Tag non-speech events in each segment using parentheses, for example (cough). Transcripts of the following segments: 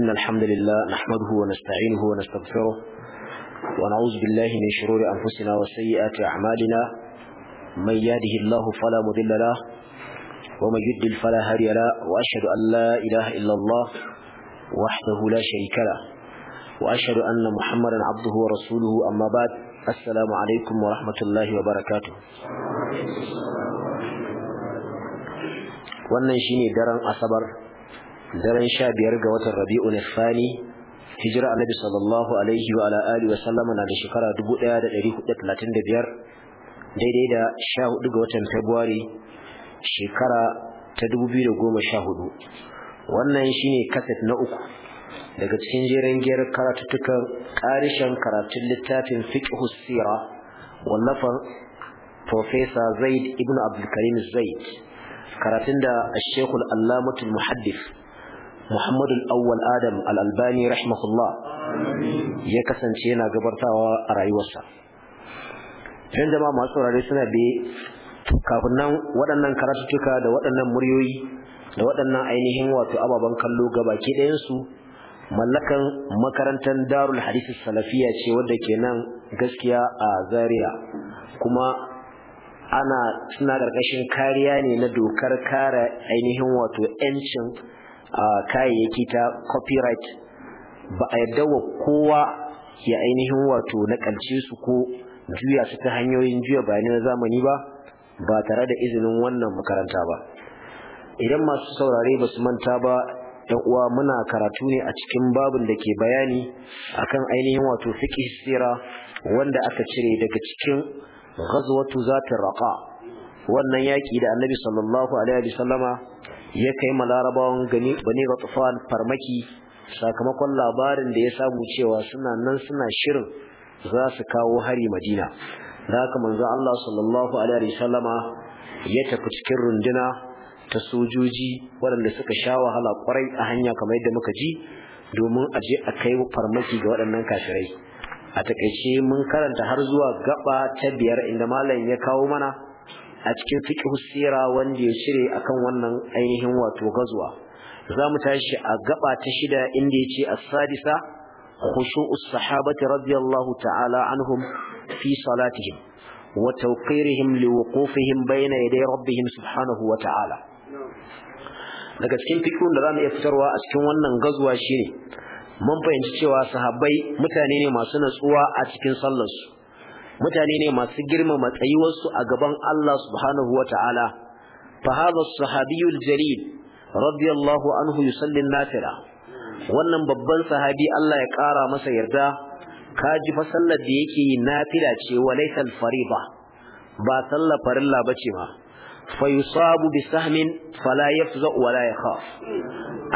إن الحمد لله نحمده ونستعينه ونستغفره ونعوذ بالله من شرور أنفسنا وسيئات أعمالنا من يهده الله فلا مضل له ومن يضلل فلا هادي له وأشهد أن لا إله إلا الله وحده لا شريك له وأشهد أن محمدا عبده ورسوله أما بعد السلام عليكم ورحمة الله وبركاته wannan shine daren asabar daren sha biyar ga watan Rabi'u thani hijira annabi sallallahu alaihi wa alihi wa sallam na da shekara 1435 daidai da 14 ga watan february shekara ta 2014 wannan shine kaset na uku daga cikin jerin giyar karatuttukan karishan karatun littafin fiqhu sira wallafan professor zaid ibn abdul karim zaid karatun da ashekul allamatul muhaddith Muhammadu Awwal Adam Al-Albani rahimahullah ya kasance yana gabartawa a rayuwarsa. Yan jama'a masu saurare suna bi kafin nan waɗannan karatuttuka da waɗannan muryoyi da waɗannan ainihin wato ababen kallo gabaki ɗayansu mallakan makarantar Darul hadisi Salafiya ce wadda ke nan gaskiya a Zariya, kuma suna ƙarƙashin kariya ne na dokar kare ainihin wato 'yancin kayayyaki ta copyright ba a yarda wa kowa ya ainihin wato nakalce su ko juya su ta hanyoyin juya bayanai na zamani ba ba tare da izinin wannan makaranta ba idan masu saurare ba su manta ba ɗan uwa muna karatu ne a cikin babin da ke bayani akan ainihin wato fiqh sira wanda aka cire daga cikin ghazwatu zatir raƙa, wannan yaƙi da annabi sallallahu alaihi wasallama ya kai ma larabawan gani bani ratfan farmaki sakamakon labarin da ya samu cewa suna nan suna shirin za su kawo hari madina da haka manzo Allah sallallahu alaihi ya tafi cikin runduna ta sojoji waɗanda suka sha wahala kwarai a hanya kamar yadda muka ji domin a je a kai farmaki ga waɗannan kafirai a takaice mun karanta har zuwa gaba ta biyar inda malam ya kawo mana a cikin fiqh sira wanda ya shire akan wannan ainihin wato gazwa zamu tashi a gaba ta shida inda yace as-sadisa khushu'us sahabati radiyallahu ta'ala anhum fi salatihim wa tawqirihim liwuqufihim bayna yaday rabbihim subhanahu wa ta'ala daga cikin fiqhun da zamu iya fitarwa a cikin wannan gazwa shine mun fahimci cewa sahabbai mutane ne masu natsuwa a cikin su mutane ne masu girmama tsayuwarsu a gaban Allah subhanahu wa ta'ala fa hadha sahabiyul jalil radiyallahu anhu yusallin nafira. wannan babban sahabi Allah ya ƙara masa yarda kaji fa sallar da yake yi nafila ce wa laysal fariba ba sallar farilla bace ma fa yusabu bi sahmin fala yafza wa la yakhaf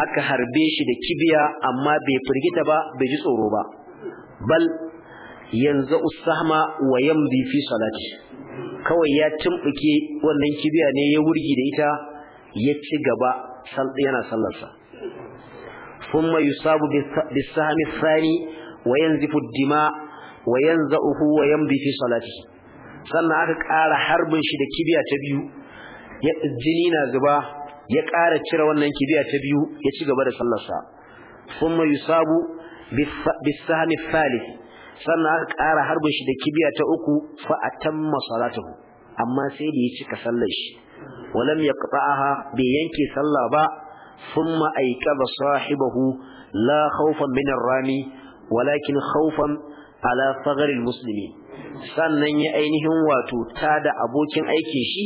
aka harbe shi da kibiya amma bai firgita ba bai ji tsoro ba bal yanzu ussahma wa yamdi fi salati kawai ya tumbuke wannan kibiya ne ya wurgi da ita ya ci gaba yana sallarsa thumma yusabu sahmi thani wa yanzifu dima wa yanzahu wa yamdi fi salati sannan aka ƙara harbin shi da kibiya ta biyu ya jini na zuba ya ƙara cire wannan kibiya ta biyu ya ci gaba da sallarsa thumma yusabu sahmi thalith sannan aka ƙara harbin shi da kibiya ta uku fa a tamma salatuhu amma sai da ya cika sallar shi walam yaqta'aha bai yanke sallah ba thumma ayqaba sahibahu la khawfan min ar-rami walakin khawfan ala saghar al-muslimin sannan ya ainihin wato tada abokin aikin shi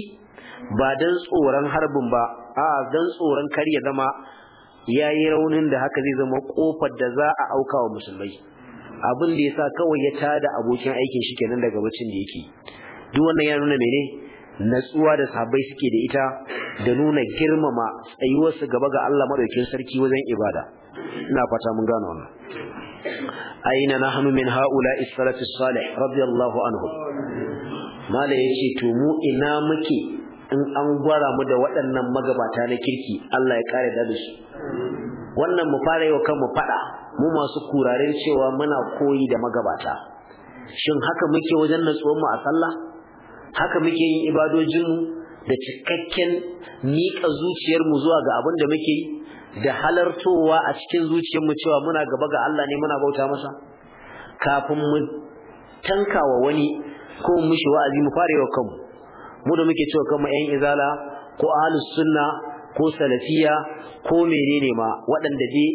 ba dan tsoron harbin ba a dan tsoron kar ya zama yayi raunin da haka zai zama kofar da za a auka wa musulmai abin da ya sa kawai ya tada abokin aikin shi kenan daga bacin da yake duk wannan ya nuna mene natsuwa da sahabbai suke da ita da nuna girmama tsayuwarsu gaba ga Allah madaukakin sarki wajen ibada ina fata mun gano wannan aina nahnu min haula as-salatu salih radiyallahu anhu mala yace to mu ina muke in an gwara mu da waɗannan magabata na kirki Allah ya kare da su wannan mu fara yau kan mu fada mu masu kuraren cewa muna koyi da magabata shin haka muke wajen natsuwar mu a sallah haka muke yin ibadojin mu da cikakken miƙa zuciyar mu zuwa ga abin da muke yi da halartowa a cikin zuciyar mu cewa muna gaba ga Allah ne muna bauta masa kafin mu tankawa wani ko mu shi wa'azi mu farewa kanmu mu da muke cewa kanmu ƴan izala ko ahlus sunna ko salafiya ko menene ma waɗanda dai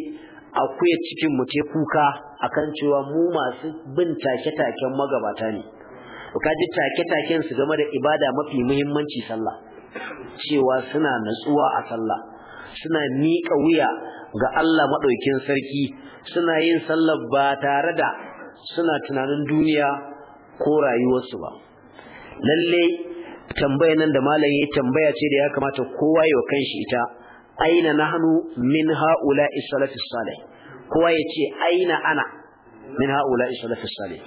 akwai cikin mu kuka akan cewa mu masu bin take-taken magabata ne ka ji take-taken su game da ibada mafi muhimmanci sallah cewa suna natsuwa a sallah suna miƙa wuya ga Allah maɗaukin sarki suna yin sallah ba tare da suna tunanin duniya ko rayuwarsu ba lalle tambayar nan da malam ya tambaya ce da ya kamata kowa ya kanshi ita aina nahnu min ha'ula'i salafis salih kowa yace aina ana min ha'ula'i salafis salih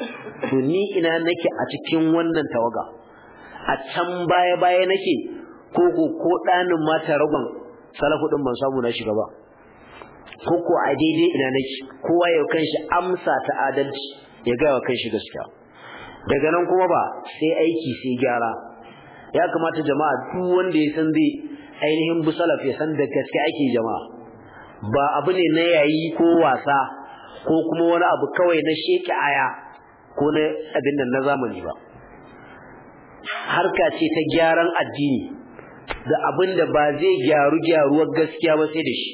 to ni ina nake a cikin wannan tawaga a can baya baya nake ko ko ko danin mata ragon salafu din ban samu na shiga ba ko ko a daidai ina nake kowa ya kanshi amsa ta adalci ya ga wa kanshi gaskiya daga nan kuma ba sai aiki sai gyara ya kamata jama'a duk wanda ya san zai ainihin busalaf ya san da gaske ake jama'a ba abu ne na yayi ko wasa ko kuma wani abu kawai na sheki aya ko na abin nan na zamani ba harka ce ta gyaran addini da abin da ba zai gyaru gyaruwar gaskiya ba sai da shi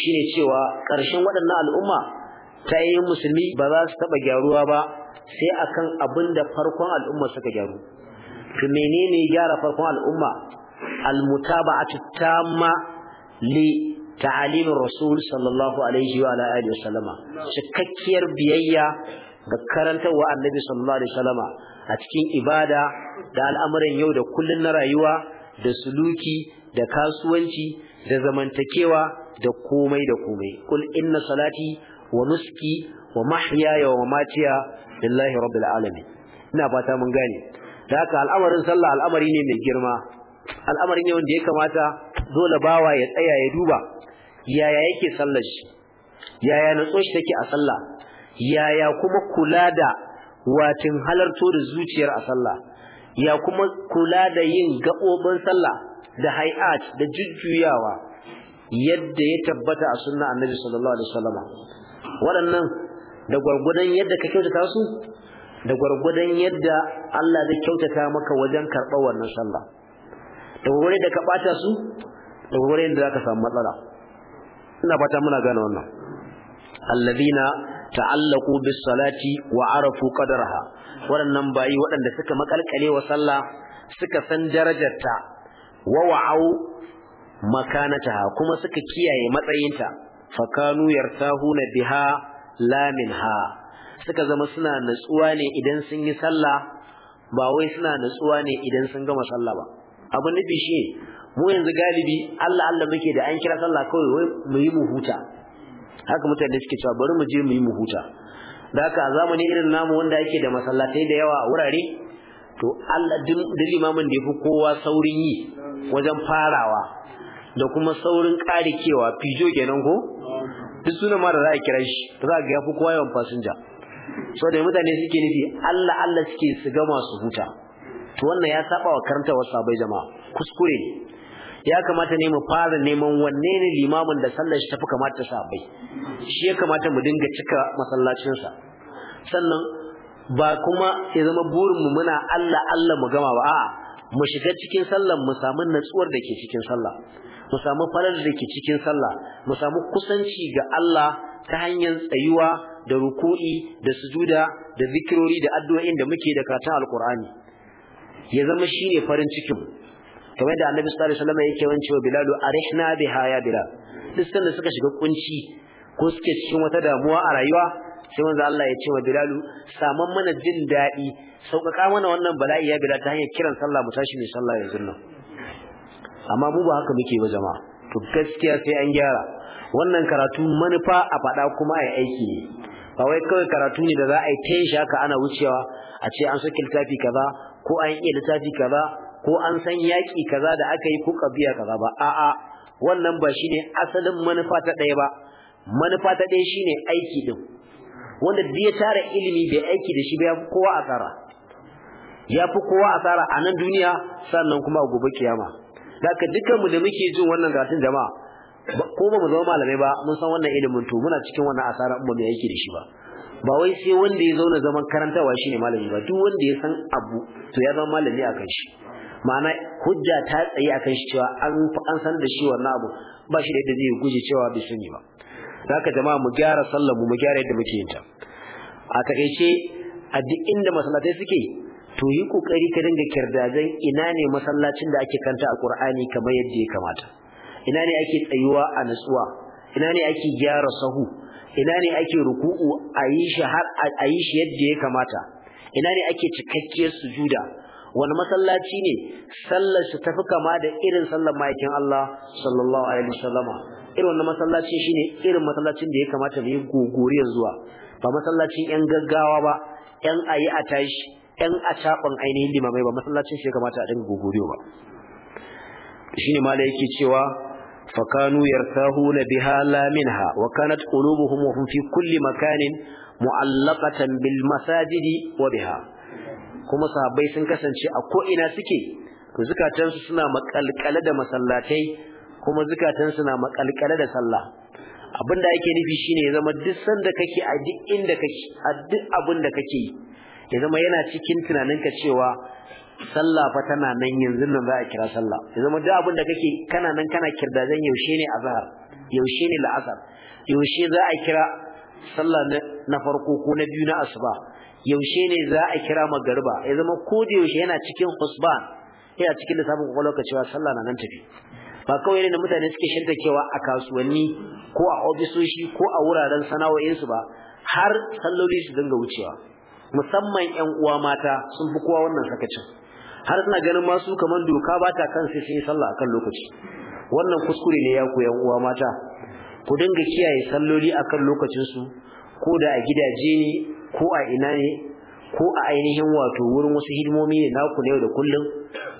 shine cewa ƙarshen waɗannan al'umma ta yi musulmi ba za su taɓa gyaruwa ba sai akan abin da farkon al'umma suka gyaru to menene gyara farkon al'umma almutaba'atu tamma li ta'alimin rasul sallallahu alaihi wa alihi wasallama cikakkiyar biyayya ga karantarwa annabi sallallahu alaihi wasallama a cikin ibada da al'amuran yau da kullum na rayuwa da suluki da kasuwanci da zamantakewa da komai da komai kul inna salati wa nuski wa mahyaya wa mamatiya lillahi rabbil alamin ina fata mun gane da haka al'amarin sallah al'amari ne mai girma al'amarin ne wanda ya kamata dole bawa ya tsaya ya duba yaya yake sallar shi yaya natso shi take a sallah yaya kuma kula da watin halarto da zuciyar a sallah ya kuma kula da yin gaɓoɓin sallah da hay'at da jujjuyawa yadda ya tabbata a sunna annabi sallallahu alaihi wasallam waɗannan da gwargwadon yadda ka kyautata su da gwargwadon yadda Allah zai kyautata maka wajen karɓar wannan sallah da wurin da ka bata su da wurin da ka samu matsala ina fata muna gane wannan alladina ta'allaqu bis salati wa arafu qadarha waɗannan bayi waɗanda suka makalkale wa sallah suka san darajarta wa wa'au makanataha kuma suka kiyaye matsayinta fakanu yartahuna biha la minha suka zama suna natsuwa ne idan sun yi sallah ba wai suna natsuwa ne idan sun gama sallah ba abin nufi shi mu yanzu galibi Allah Allah muke da an kira sallah kawai wai mu yi mu huta haka mutane suke cewa bari mu je mu yi mu huta da haka a zamani irin namu wanda yake da masallatai da yawa a wurare to Allah duk imamin da yafi kowa saurin yi wajen farawa da kuma saurin karikewa fijo kenan ko duk suna ma da za a kira shi da za ga yafi kowa yawan fasinja so da mutane suke nufi Allah Allah suke su gama su huta to wannan ya saba wa karantawar sabai jama'a kuskure ya kamata ne mu fara neman wanne ne limamin da sallar shi tafi kamata sabai shi ya kamata mu dinga cika masallacinsa sannan ba kuma ya zama burin mu muna Allah Allah mu gama ba a'a mu shiga cikin sallar mu samu natsuwar da ke cikin sallah mu samu farar da ke cikin sallah mu samu kusanci ga Allah ta hanyar tsayuwa da ruku'i da sujuda da zikirori da addu'o'in da muke da karatun alkur'ani ya zama shi ne farin cikin kamar da annabi sallallahu alaihi wasallam yake wancewa bilalu arihna biha ya bilal duk sanda suka shiga kunci ko suke cikin wata damuwa a rayuwa sai manzo Allah ya ce wa bilalu saman mana jin daɗi sauƙaƙa mana wannan bala'i ya bilal ta hanyar kiran sallah mu tashi mai sallah yanzu nan amma mu ba haka muke ba jama'a to gaskiya sai an gyara wannan karatu manufa a faɗa kuma a aiki ne ba wai kawai karatu ne da za a yi ta haka ana wucewa a ce an soke littafi kaza ko an iya littafi kaza ko an san yaƙi kaza da aka yi ko kabiya kaza ba a'a wannan ba shine asalin manufa ta ɗaya ba manufa ta ɗaya shine aiki din wanda duk ya tara ilimi bai aiki da shi ba fi kowa asara fi kowa asara a nan duniya sannan kuma a gobe kiyama ka dukkan mu da muke jin wannan karatun jama'a ko ba mu zama malamai ba mun san wannan ilimin to muna cikin wannan asara mu ba aiki da shi ba ba wai sai wanda ya zauna zaman karantawa ne malami ba duk wanda ya san abu to ya zama malami a kan shi ma'ana hujja ta tsaye a kan shi cewa an an san da shi wannan abu ba shi da yadda zai guje cewa bai sani ba zaka jama'a mu gyara sallar mu mu gyara yadda muke yin ta a takaice a duk inda masallatai suke to yi kokari ka dinga kirdazan ina ne masallacin da ake kanta a Qur'ani kamar yadda ya kamata ina ne ake tsayuwa a nutsuwa ina ne ake gyara sahu ina ne ake ruku'u a yi shi har a yi shi yadda ya kamata ina ne ake cikakkiyar sujuda wani masallaci ne sallar shi tafi kama da irin sallar ma'aikin Allah sallallahu alaihi wasallama irin wannan masallaci shine irin masallacin da ya kamata mu yi gogoriyar zuwa ba masallacin yan gaggawa ba yan ayi a tashi yan a caban ainihin limamai ba masallacin shi ya kamata a dinga gogoriyo ba shine mala yake cewa fakanu yartahuna biha la minha wa kanat qulubuhum wa fi kulli makanin mu'allaqatan bil masajidi wa biha kuma sahabai sun kasance a ko ina suke to zukatansu suna makalkale da masallatai kuma zukatansu na makalkale da sallah abinda ake nufi shine ya zama duk sanda kake a duk abinda kake a kake ya zama yana cikin tunaninka cewa sallah fa tana nan yanzu nan za a kira sallah ya zama duk abin da kake kana nan kana kirdazan yaushe ne azhar yaushe ne la'asar yaushe za a kira sallah na farko ko na biyu na asuba yaushe ne za a kira magariba ya zama ko da yaushe yana cikin husban yana cikin lissafin kwakwalwa ka cewa sallah na nan tafi ba kawai ne da mutane suke shirka cewa a kasuwanni ko a ofisoshi ko a wuraren sana'o'insu ba har salloli su dinga wucewa musamman 'yan uwa mata sun fi kowa wannan sakacin har suna ganin masu kamar doka ba ta kan sai sai sallah akan lokaci wannan kuskure ne ya ku yan uwa mata ku dinga kiyaye salloli akan lokacin su ko da a gidaje ne ko a ina ne ko a ainihin wato wurin wasu hidimomi ne naku na yau da kullum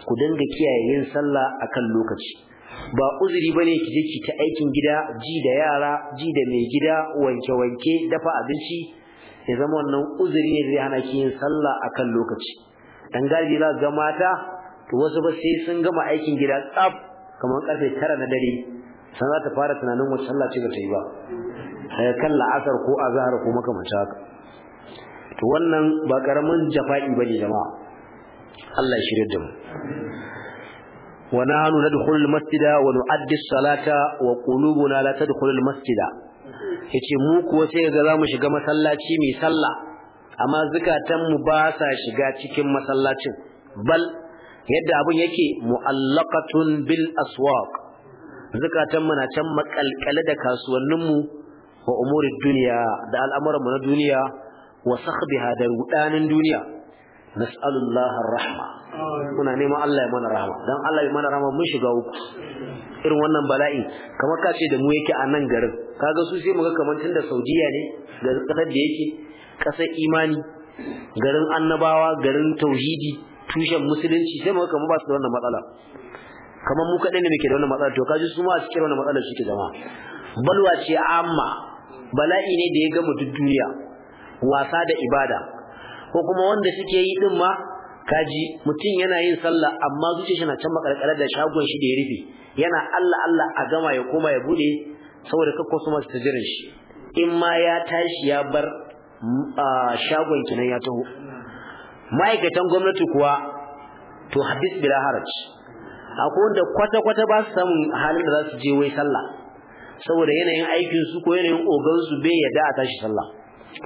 ku dinga kiyaye yin sallah akan lokaci ba uzuri bane ki je ki ta aikin gida ji da yara ji da mai gida wanke wanke dafa abinci ya zama wannan uzuri ne zai hana ki yin sallah akan lokaci dan za ga mata to wasu ba sai sun gama aikin gida tsaf kamar karfe tara na dare san za ta fara tunanin wacce Allah ce ba yi ba sai kan la'asar ko azhar ko makamanta haka to wannan ba karamin jafa'i bane jama'a Allah ya shirye da mu wa nahnu nadkhulu al-masjida wa nu'addi as-salata wa qulubuna la tadkhulu al yace mu kuwa sai ga mu shiga masallaci mai sallah amma zukatanmu ba sa shiga cikin masallacin bal yadda abin yake mu'allaqatun bil aswaq zukatanmu na can makalkale da kasuwanninmu wa umuri duniya da al'amuranmu na duniya wa sakhbiha da rudanin duniya nas'alullahi rahma muna neman Allah ya mana rahama dan Allah ya mana rahama mun shiga uku irin wannan bala'i kamar kace da mu yake a nan garin kaga su sai muga kamar tunda Saudiya ne ga kasar da yake ƙasar imani garin annabawa garin tauhidi tushen musulunci sai muka kamar ba su da wannan matsala kamar mu kaɗai ne muke da wannan matsala to kaji su ma a cikin wannan matsala suke zama balwa ce amma bala'i ne da ya gama duk duniya wasa da ibada ko kuma wanda suke yi din ma kaji mutum yana yin sallah amma zuciyarsa na can makarkare da shagon shi da ya rufe yana Allah Allah a gama ya koma ya bude saboda kakko masu tajirin shi in ma ya tashi ya bar shagon kinan ya taho ma'aikatan gwamnati kuwa to hadis bila haraj akwai wanda kwata kwata ba su samun halin da za su je wai sallah saboda yanayin aikin su ko yanayin ogan su bai yadda a tashi sallah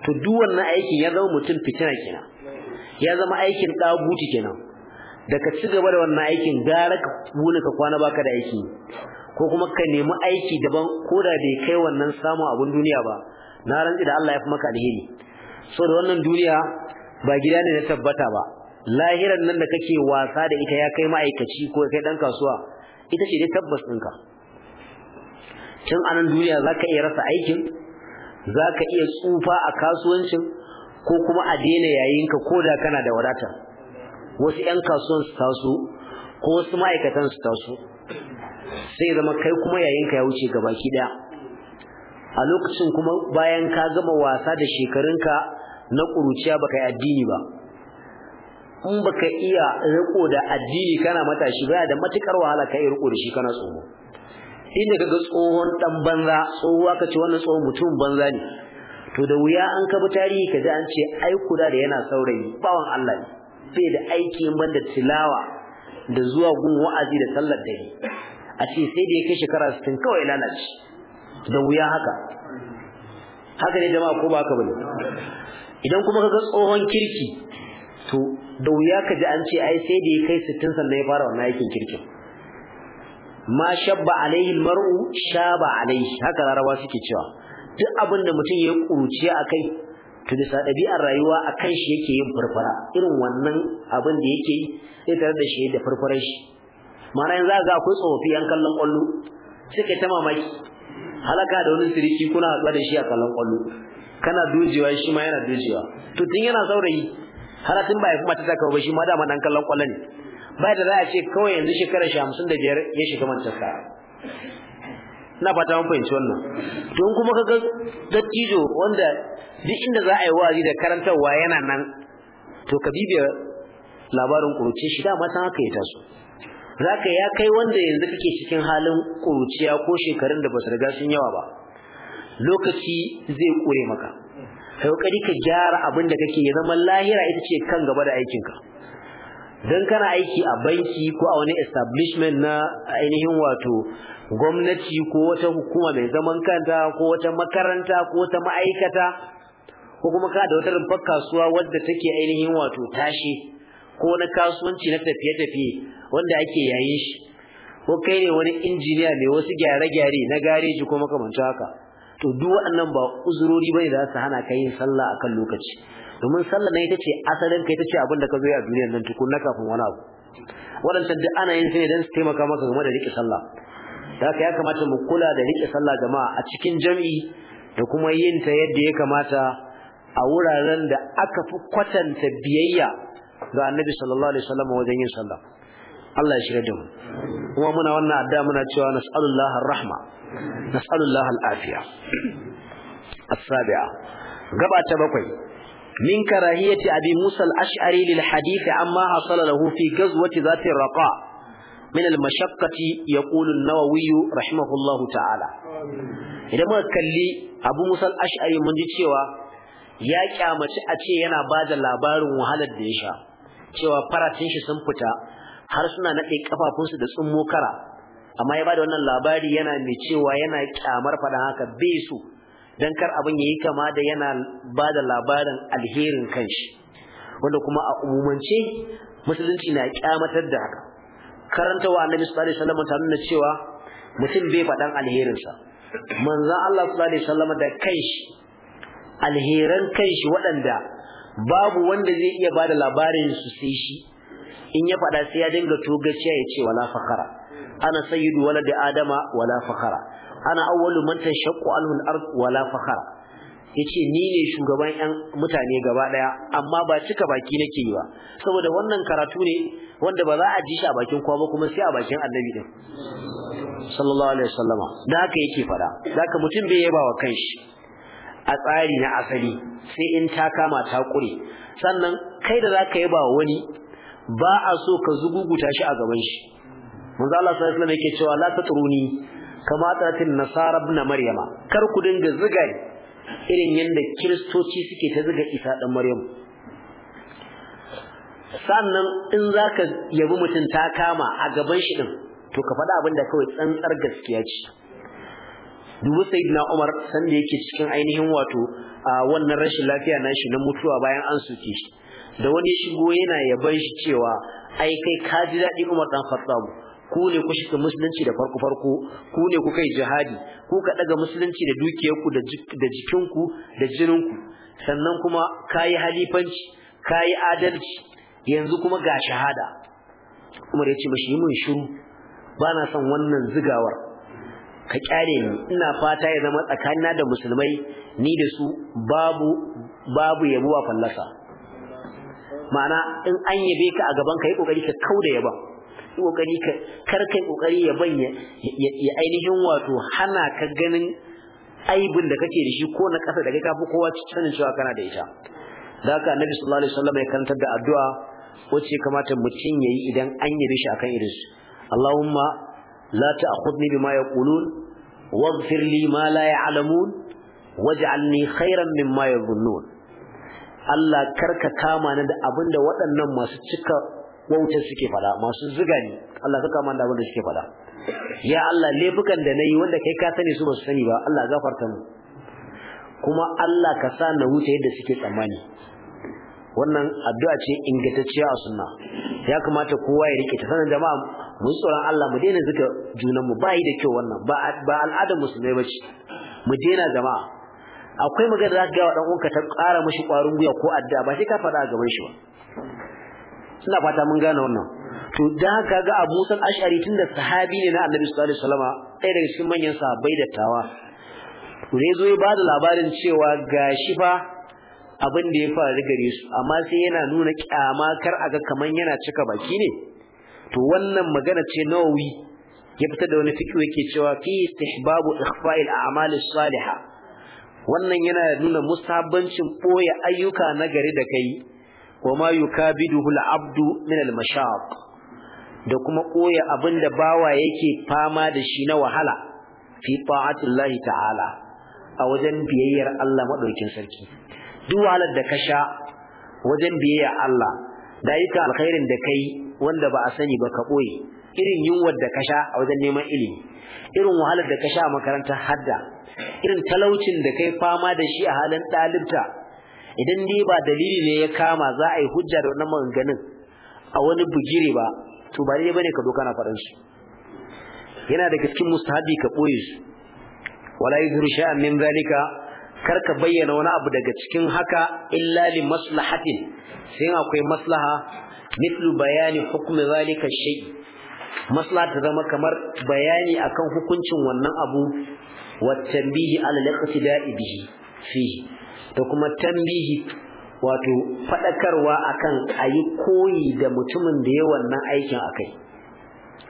to duk wannan aikin ya zama mutum fitina kenan ya zama aikin daguti kenan da ka ci gaba da wannan aikin gara ka wuni ka kwana baka da aiki ko kuma ka nemi aiki daban ko da bai kai wannan samun abun duniya ba na ran da Allah ya fi maka alheri saboda wannan duniya ba gida ne na tabbata ba lahiran nan da kake wasa da ita ya kai ma'aikaci ko kai dan kasuwa ita ce dai tabbas ɗinka tun anan duniya zaka iya rasa aikin zaka iya tsufa a kasuwancin ko kuma a daina yayinka ko da kana da wadata wasu 'yan kasuwan su taso ko wasu ma'aikatan su taso sai zama kai kuma yayinka ya wuce gabaki daya a lokacin kuma bayan ka gama wasa da shekarunka na ƙuruciya baka yi addini ba in baka iya riko da addini kana matashi ba da matukar wahala kai riko da shi kana tsoho inda kaga tsohon dan banza tsohuwa kace wannan tsohon mutum banza ne to da wuya an kaba tarihi ji an ce ai kuda da yana saurayi bawan Allah ne bai da aiki in banda tilawa da zuwa gun wa'azi da sallar dare a ce sai da ya kai shekara 60 kawai lalace da wuya haka haka ne jama'a ko ba haka bane idan kuma kaga tsohon kirki to da wuya ka ji an ce ai sai da ya kai 60 sannan ya fara wannan aikin kirki. ma shabba alaihi mar'u shaba alaihi haka larabawa suke cewa duk abin da mutum ya kuruci kai, to bisa ɗabi'ar rayuwa a kan shi yake yin farfara, irin wannan abin da yake yi sai tare da shi da furfuran shi ma'ana yanzu ga akwai tsofaffi yan kallon kwallo suka ta mamaki halaka da wani siriki kuna haɗuwa da shi a kallon kwallo kana dojewa shi ma yana dojewa to tun yana saurayi har ba ya kuma ta taka ba shi ma dama dan kallon kwallon ne ba da za a ce kawai yanzu shekara shi da biyar ya shiga Manchester na fata mun fahimci wannan to in kuma kaga dattijo wanda duk inda za a yi wa'azi da karantarwa yana nan to ka bibiya labarin kuruce shi dama san haka ya taso zaka ya kai wanda yanzu kake cikin halin kuruciya ko shekarun da basu riga sun yawa ba lokaci zai kure maka kai kokari ka gyara abin da kake ya zama lahira ita ce kan gaba da aikinka dan kana aiki a banki ko a wani establishment na ainihin wato gwamnati ko wata hukuma mai zaman kanta ko wata makaranta ko wata ma'aikata ko kuma ka da wata rumfar kasuwa wadda take ainihin wato tashi ko na kasuwanci na tafiye-tafiye wanda ake yayin shi ko kai ne wani injiniya mai wasu gyare-gyare na gareji ko makamancin haka to duk waɗannan ba uzurori bane da za su hana ka yin sallah akan lokaci domin sallah ne ita ce asalin ka ita ce abin da ka zo a duniyar nan tukunna kafin wani abu waɗancan duk ana yin sai dan su taimaka maka game da riƙe sallah da haka ya kamata mu kula da riƙe sallah jama'a a cikin jami'i da kuma yin ta yadda ya kamata a wuraren da aka fi kwatanta biyayya ga annabi sallallahu alaihi wasallam wajen yin sallah Allah ya shirya da mu kuma muna wannan adda muna cewa nas'alullahi rahma nas'alullahi al'afiya as-sabi'a gaba ta bakwai min karahiyati abi musa al-ash'ari lil hadith amma hasala lahu fi ghazwati zati raqa min al-mashaqqati yaqulu an-nawawi rahimahullahu ta'ala idan muka kalli abu musa al-ash'ari mun ji cewa ya kyamaci a ce yana bada labarin wahalar da ya sha cewa faratin shi sun fita har suna nade kafafunsu da tsummo kara amma ya bada wannan labari yana mai cewa yana kyamar faɗan haka bai su dan kar abin ya yi kama da yana bada labarin alherin kanshi wanda kuma a umumance musulunci na kyamatar da haka karantawa annabi sallallahu alaihi wasallam ta nuna cewa mutum bai faɗan alherinsa manzo Allah sallallahu alaihi wasallam da kanshi alheran kanshi waɗanda babu wanda zai iya bada labarin su sai shi in ya faɗa sai ya dinga togaciya ya ce wala fakhara ana sayyidu da adama wala fakhara ana awwalu man tashaqqu alhun ard wala fakhara yace ni ne shugaban yan mutane gaba daya amma ba cika baki nake yi ba saboda wannan karatu ne wanda ba za a ji shi a bakin kowa ba kuma sai a bakin annabi din sallallahu alaihi wasallama da haka yake fada da haka mutum bai yaba wa kanshi a tsari na asali sai in ta kama ta kure sannan kai da zaka yaba wa wani ba a so ka zuguguta shi a gaban shi manzo Allah sallallahu alaihi wasallam yake cewa la tatruni kama tatin nasara ibn maryama kar ku dinga zuga irin yanda kristoci suke ta zuga isa dan maryam sannan in zaka yabi mutun ta kama a gaban shi din to ka faɗa abin da kawai tsantsar gaskiya ce dubu sayyidina Umar sanda yake cikin ainihin wato a wannan rashin lafiya na shi na mutuwa bayan an suke shi da wani shigo yana yaban shi cewa ai kai ka ji daɗi Umar dan Khattab ku ne ku shiga musulunci da farko farko ku ne ku kai jihadi ku ka daga musulunci da dukiyarku da jikinku da jininku sannan kuma kayi halifanci kayi adalci yanzu kuma ga shahada Umar ya ce mashi yi mun shiru ba na son wannan zigawar ka kyale ni ina fata ya zama tsakanina da musulmai ni da su babu babu yabuwa fallasa ma'ana in an yabe ka a gaban ka yi kokari ka kauda yaban kokari ka kar kai kokari yaban ya ainihin wato hana ka ganin aibin da kake da shi ko na kasa da kai kafi kowa cikin cewa kana da ita da haka annabi sallallahu alaihi wasallam ya karantar da addu'a wacce kamata mutum yayi idan an yabe shi akan irin su Allahumma la ta'khudni bima yaqulun waghfir li ma la ya'lamun waj'alni khayran mimma yadhunnun Allah karka kama ni da abinda waɗannan masu cika wauta suke fada masu zuga ni Allah ka kama ni da abinda suke fada ya Allah laifukan da na yi wanda kai ka sani su ba sani ba Allah gafarta mu kuma Allah ka sa na wuce yadda suke tsammani wannan addu'a ce ingantacciya a sunna ya kamata kowa ya rike ta sanan jama'a mun tsoron Allah mu daina zuka junan mu yi da kyau wannan ba al'adar musulmai ba ce. mu daina jama'a akwai magana da ka ga dan uwanka ta ƙara mishi ƙwarin gwiwa ko addu'a ba sai ka faɗa a gaban shi ba ina fata mun gane wannan to da haka ga Abu Musa al-Ash'ari da sahabi ne na Annabi sallallahu alaihi wasallama ɗaya daga cikin manyan sahabbai da tawa to ne zo ya ba da labarin cewa gashi fa abin da ya faru gare su amma sai yana nuna kyama kar aga kaman yana cika baki ne to wannan magana ce Nawawi ya fitar da wani fiqh yake cewa fi istihbabu ikhfa'il a'mal as-salihah wannan yana nuna musabancin boye ayyuka na gari da kai wa yukabiduhu al-abdu min al-mashaq da kuma koya abinda bawa yake fama da shi na wahala fi ta'atillahi ta'ala a wajen biyayyar Allah madaukin sarki duk wahalar da ka sha wajen biyayya Allah da yika alkhairin da kai wanda ba a sani ba ka boye irin yunwar da ka sha a wajen neman ilimi irin wahalar da ka sha a makarantar hadda irin talaucin da kai fama da shi a halin dalibta idan dai ba dalili ne ya kama za a yi hujja da wannan maganganun a wani bugire ba to ba dai bane ka doka na faɗan shi yana daga cikin mustahabi ka boye su wala yuzuru sha'an min zalika kar ka bayyana wani abu daga cikin haka illa li maslahatin sai akwai maslaha mithlu bayani hukmi zalika shay maslaha ta zama kamar bayani akan hukuncin wannan abu والتنبيه على الاقتداء به فيه da kuma tambihi wato faɗakarwa akan ayi koyi da mutumin da ya wannan aikin akai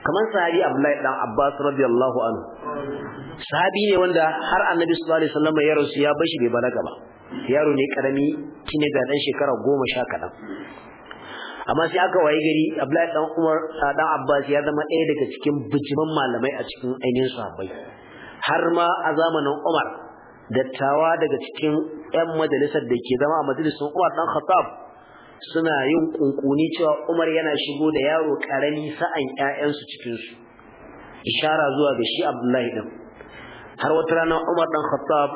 kamar sahabi Abdullahi dan Abbas radiyallahu anhu sahabi ne wanda har Annabi sallallahu alaihi wasallam ya rasu ya bashi bai balaga ba yaro ne karami kine da dan shekara 10 sha kadan amma sai aka waye gari Abdullahi dan Umar dan Abbas ya zama ɗaya daga cikin bijiman malamai a cikin ainihin sahabbai har ma a zamanin Umar dattawa daga cikin 'yan majalisar da ke zama a majalisar Umar ɗan Khattab suna yin kunkuni cewa Umar yana shigo da yaro karami sa'an ƴaƴansu cikinsu, ishara zuwa ga shi Abdullahi din har wata rana Umar ɗan Khattab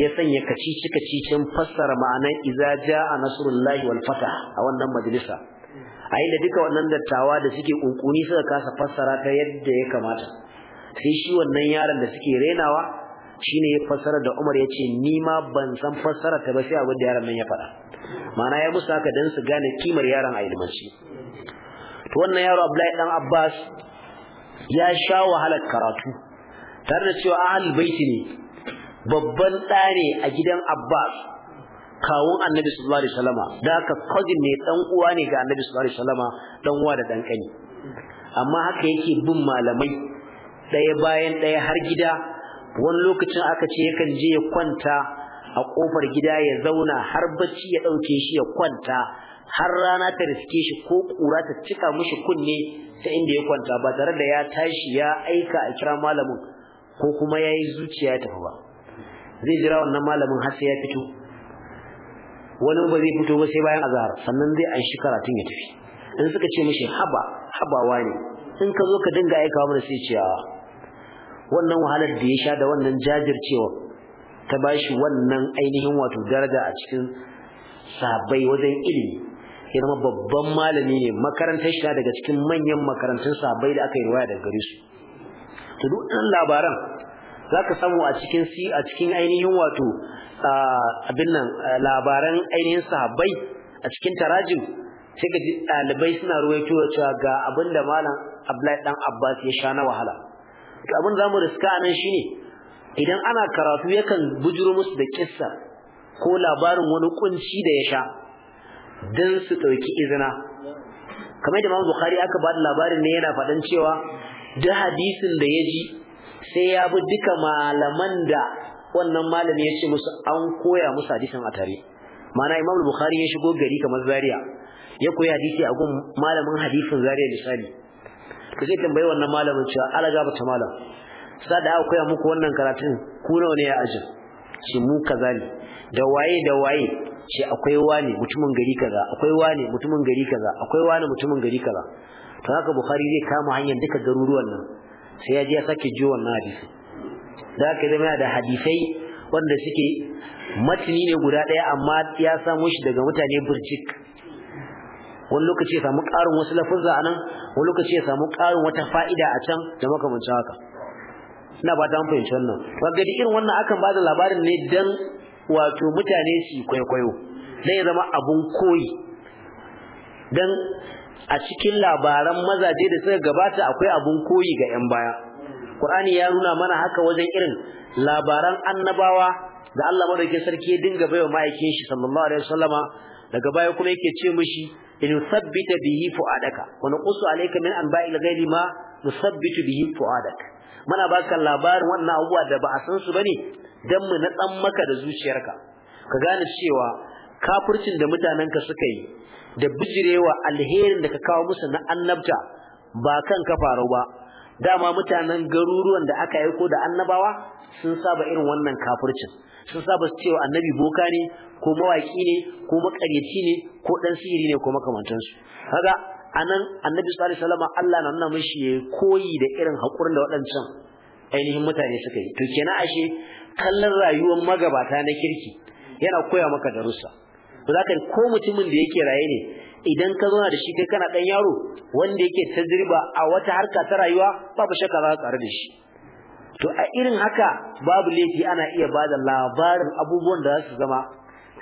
ya sanya kacici kacicin fassara ma'anar iza ja'a nasrullahi wal fatah a wannan majalisa a inda duka wannan dattawa da suke kunkuni suka kasa fassara ta yadda ya kamata sai shi wannan yaron da suke renawa shine ya fassara da Umar yace ni ma ban san fassara ta ba sai abin da yaron nan ya faɗa mana ya musu haka dan su gane kimar yaron a ilmanci to wannan yaro Abdullahi dan Abbas ya sha wahalar karatu tare da cewa ahlul baiti ne babban ɗa ne a gidan Abbas kawun Annabi sallallahu alaihi wasallama da aka cousin ne dan uwa ne ga Annabi sallallahu alaihi wasallama dan uwa da dan kani amma haka yake bin malamai ɗaya bayan ɗaya har gida wani lokacin aka ce yakan je ya kwanta a ƙofar gida ya zauna har bacci ya ɗauke shi ya kwanta har rana ta riske shi ko ƙura ta cika mishi kunne ta inda ya kwanta ba tare da ya tashi ya aika a kira malamin ko kuma ya yi zuciya ya tafi ba zai jira wannan malamin har sai ya fito wani ba zai fito ba sai bayan azahar sannan zai an shi karatun ya tafi in suka ce mishi haba habawa ne in ka zo ka dinga aikawa mana sai ciyawa wannan wahalar da ya sha da wannan jajircewa ta bashi wannan ainihin wato daraja a cikin sahabbai wajen ilimi ya zama babban malami ne makarantar shi daga cikin manyan makarantun sahabbai da aka yi ruwa daga gare su to duk labaran za ka samu a cikin si a cikin ainihin wato abin nan labaran ainihin sahabbai a cikin tarajin sai ka ji ɗalibai suna ruwaito cewa ga abin da malam Abdullahi ɗan Abbas ya sha na wahala to abin da zamu riska anan shine idan ana karatu yakan bujiro musu da kissa ko labarin wani kunci da ya sha dan su ɗauki izina kamar da Imam Bukhari aka ba da labarin ne yana fadan cewa da hadisin da ya ji sai ya bi duka malaman da wannan malami ya ce musu an koya musu hadisin a tare mana Imam Bukhari ya shigo gari kamar Zaria ya koyi hadisi a gun malamin hadisin Zariya misali to zai tambayi wannan malamin cewa alaga bata malam sa da aka muku wannan karatun ku nawa ne ya ajin shi mu kaza ne da waye da waye ce akwai wani mutumin gari kaza akwai wani mutumin gari kaza akwai wani mutumin gari kaza to haka bukhari zai kama hanyar duka garuruwan nan sai ya je ya sake ji wannan hadisi da haka zama da hadisai wanda suke matini ne guda ɗaya amma ya samo shi daga mutane burjik wani lokaci ya samu ƙarin wasu lafuzza a nan wani lokaci ya samu ƙarin wata fa'ida a can da makamancin haka ina ba ta fahimci wannan ba gadi irin wannan akan ba da labarin ne don wato mutane su kwaikwayo don ya zama abun koyi don a cikin labaran mazaje da suka gabata akwai abun koyi ga 'yan baya Qur'ani ya nuna mana haka wajen irin labaran annabawa da Allah madaukakin sarki ya dinga baiwa ma'aikin shi sallallahu alaihi wasallama daga baya kuma yake ce mishi linusabbita bihi fu'adaka wa naqussu alayka min anba'il ghaibi ma nusabbitu bihi fu'adak muna baka labarin wannan abubuwa da ba a san su bane dan mu na maka da zuciyarka ka gane cewa kafircin da mutanenka suka yi da bijirewa alherin da ka kawo musu na annabta ba kan ka faru ba dama mutanen garuruwan da aka aiko da annabawa sun saba irin wannan kafircin sun saba su cewa annabi boka ne ko mawaki ne ko makaryaci ne ko dan sihiri ne ko makamantansu kaga anan annabi sallallahu alaihi wasallam Allah na nuna mishi koyi da irin hakurin da waɗancan ainihin mutane suka yi to kenan ashe kallon rayuwar magabata na kirki yana koya maka darussa to zaka ko mutumin da yake raye ne idan ka zauna da shi kai kana dan yaro wanda yake tajriba a wata harka ta rayuwa babu shakka za ka tsare da shi to a irin haka babu laifi ana iya ba da labarin abubuwan da za su zama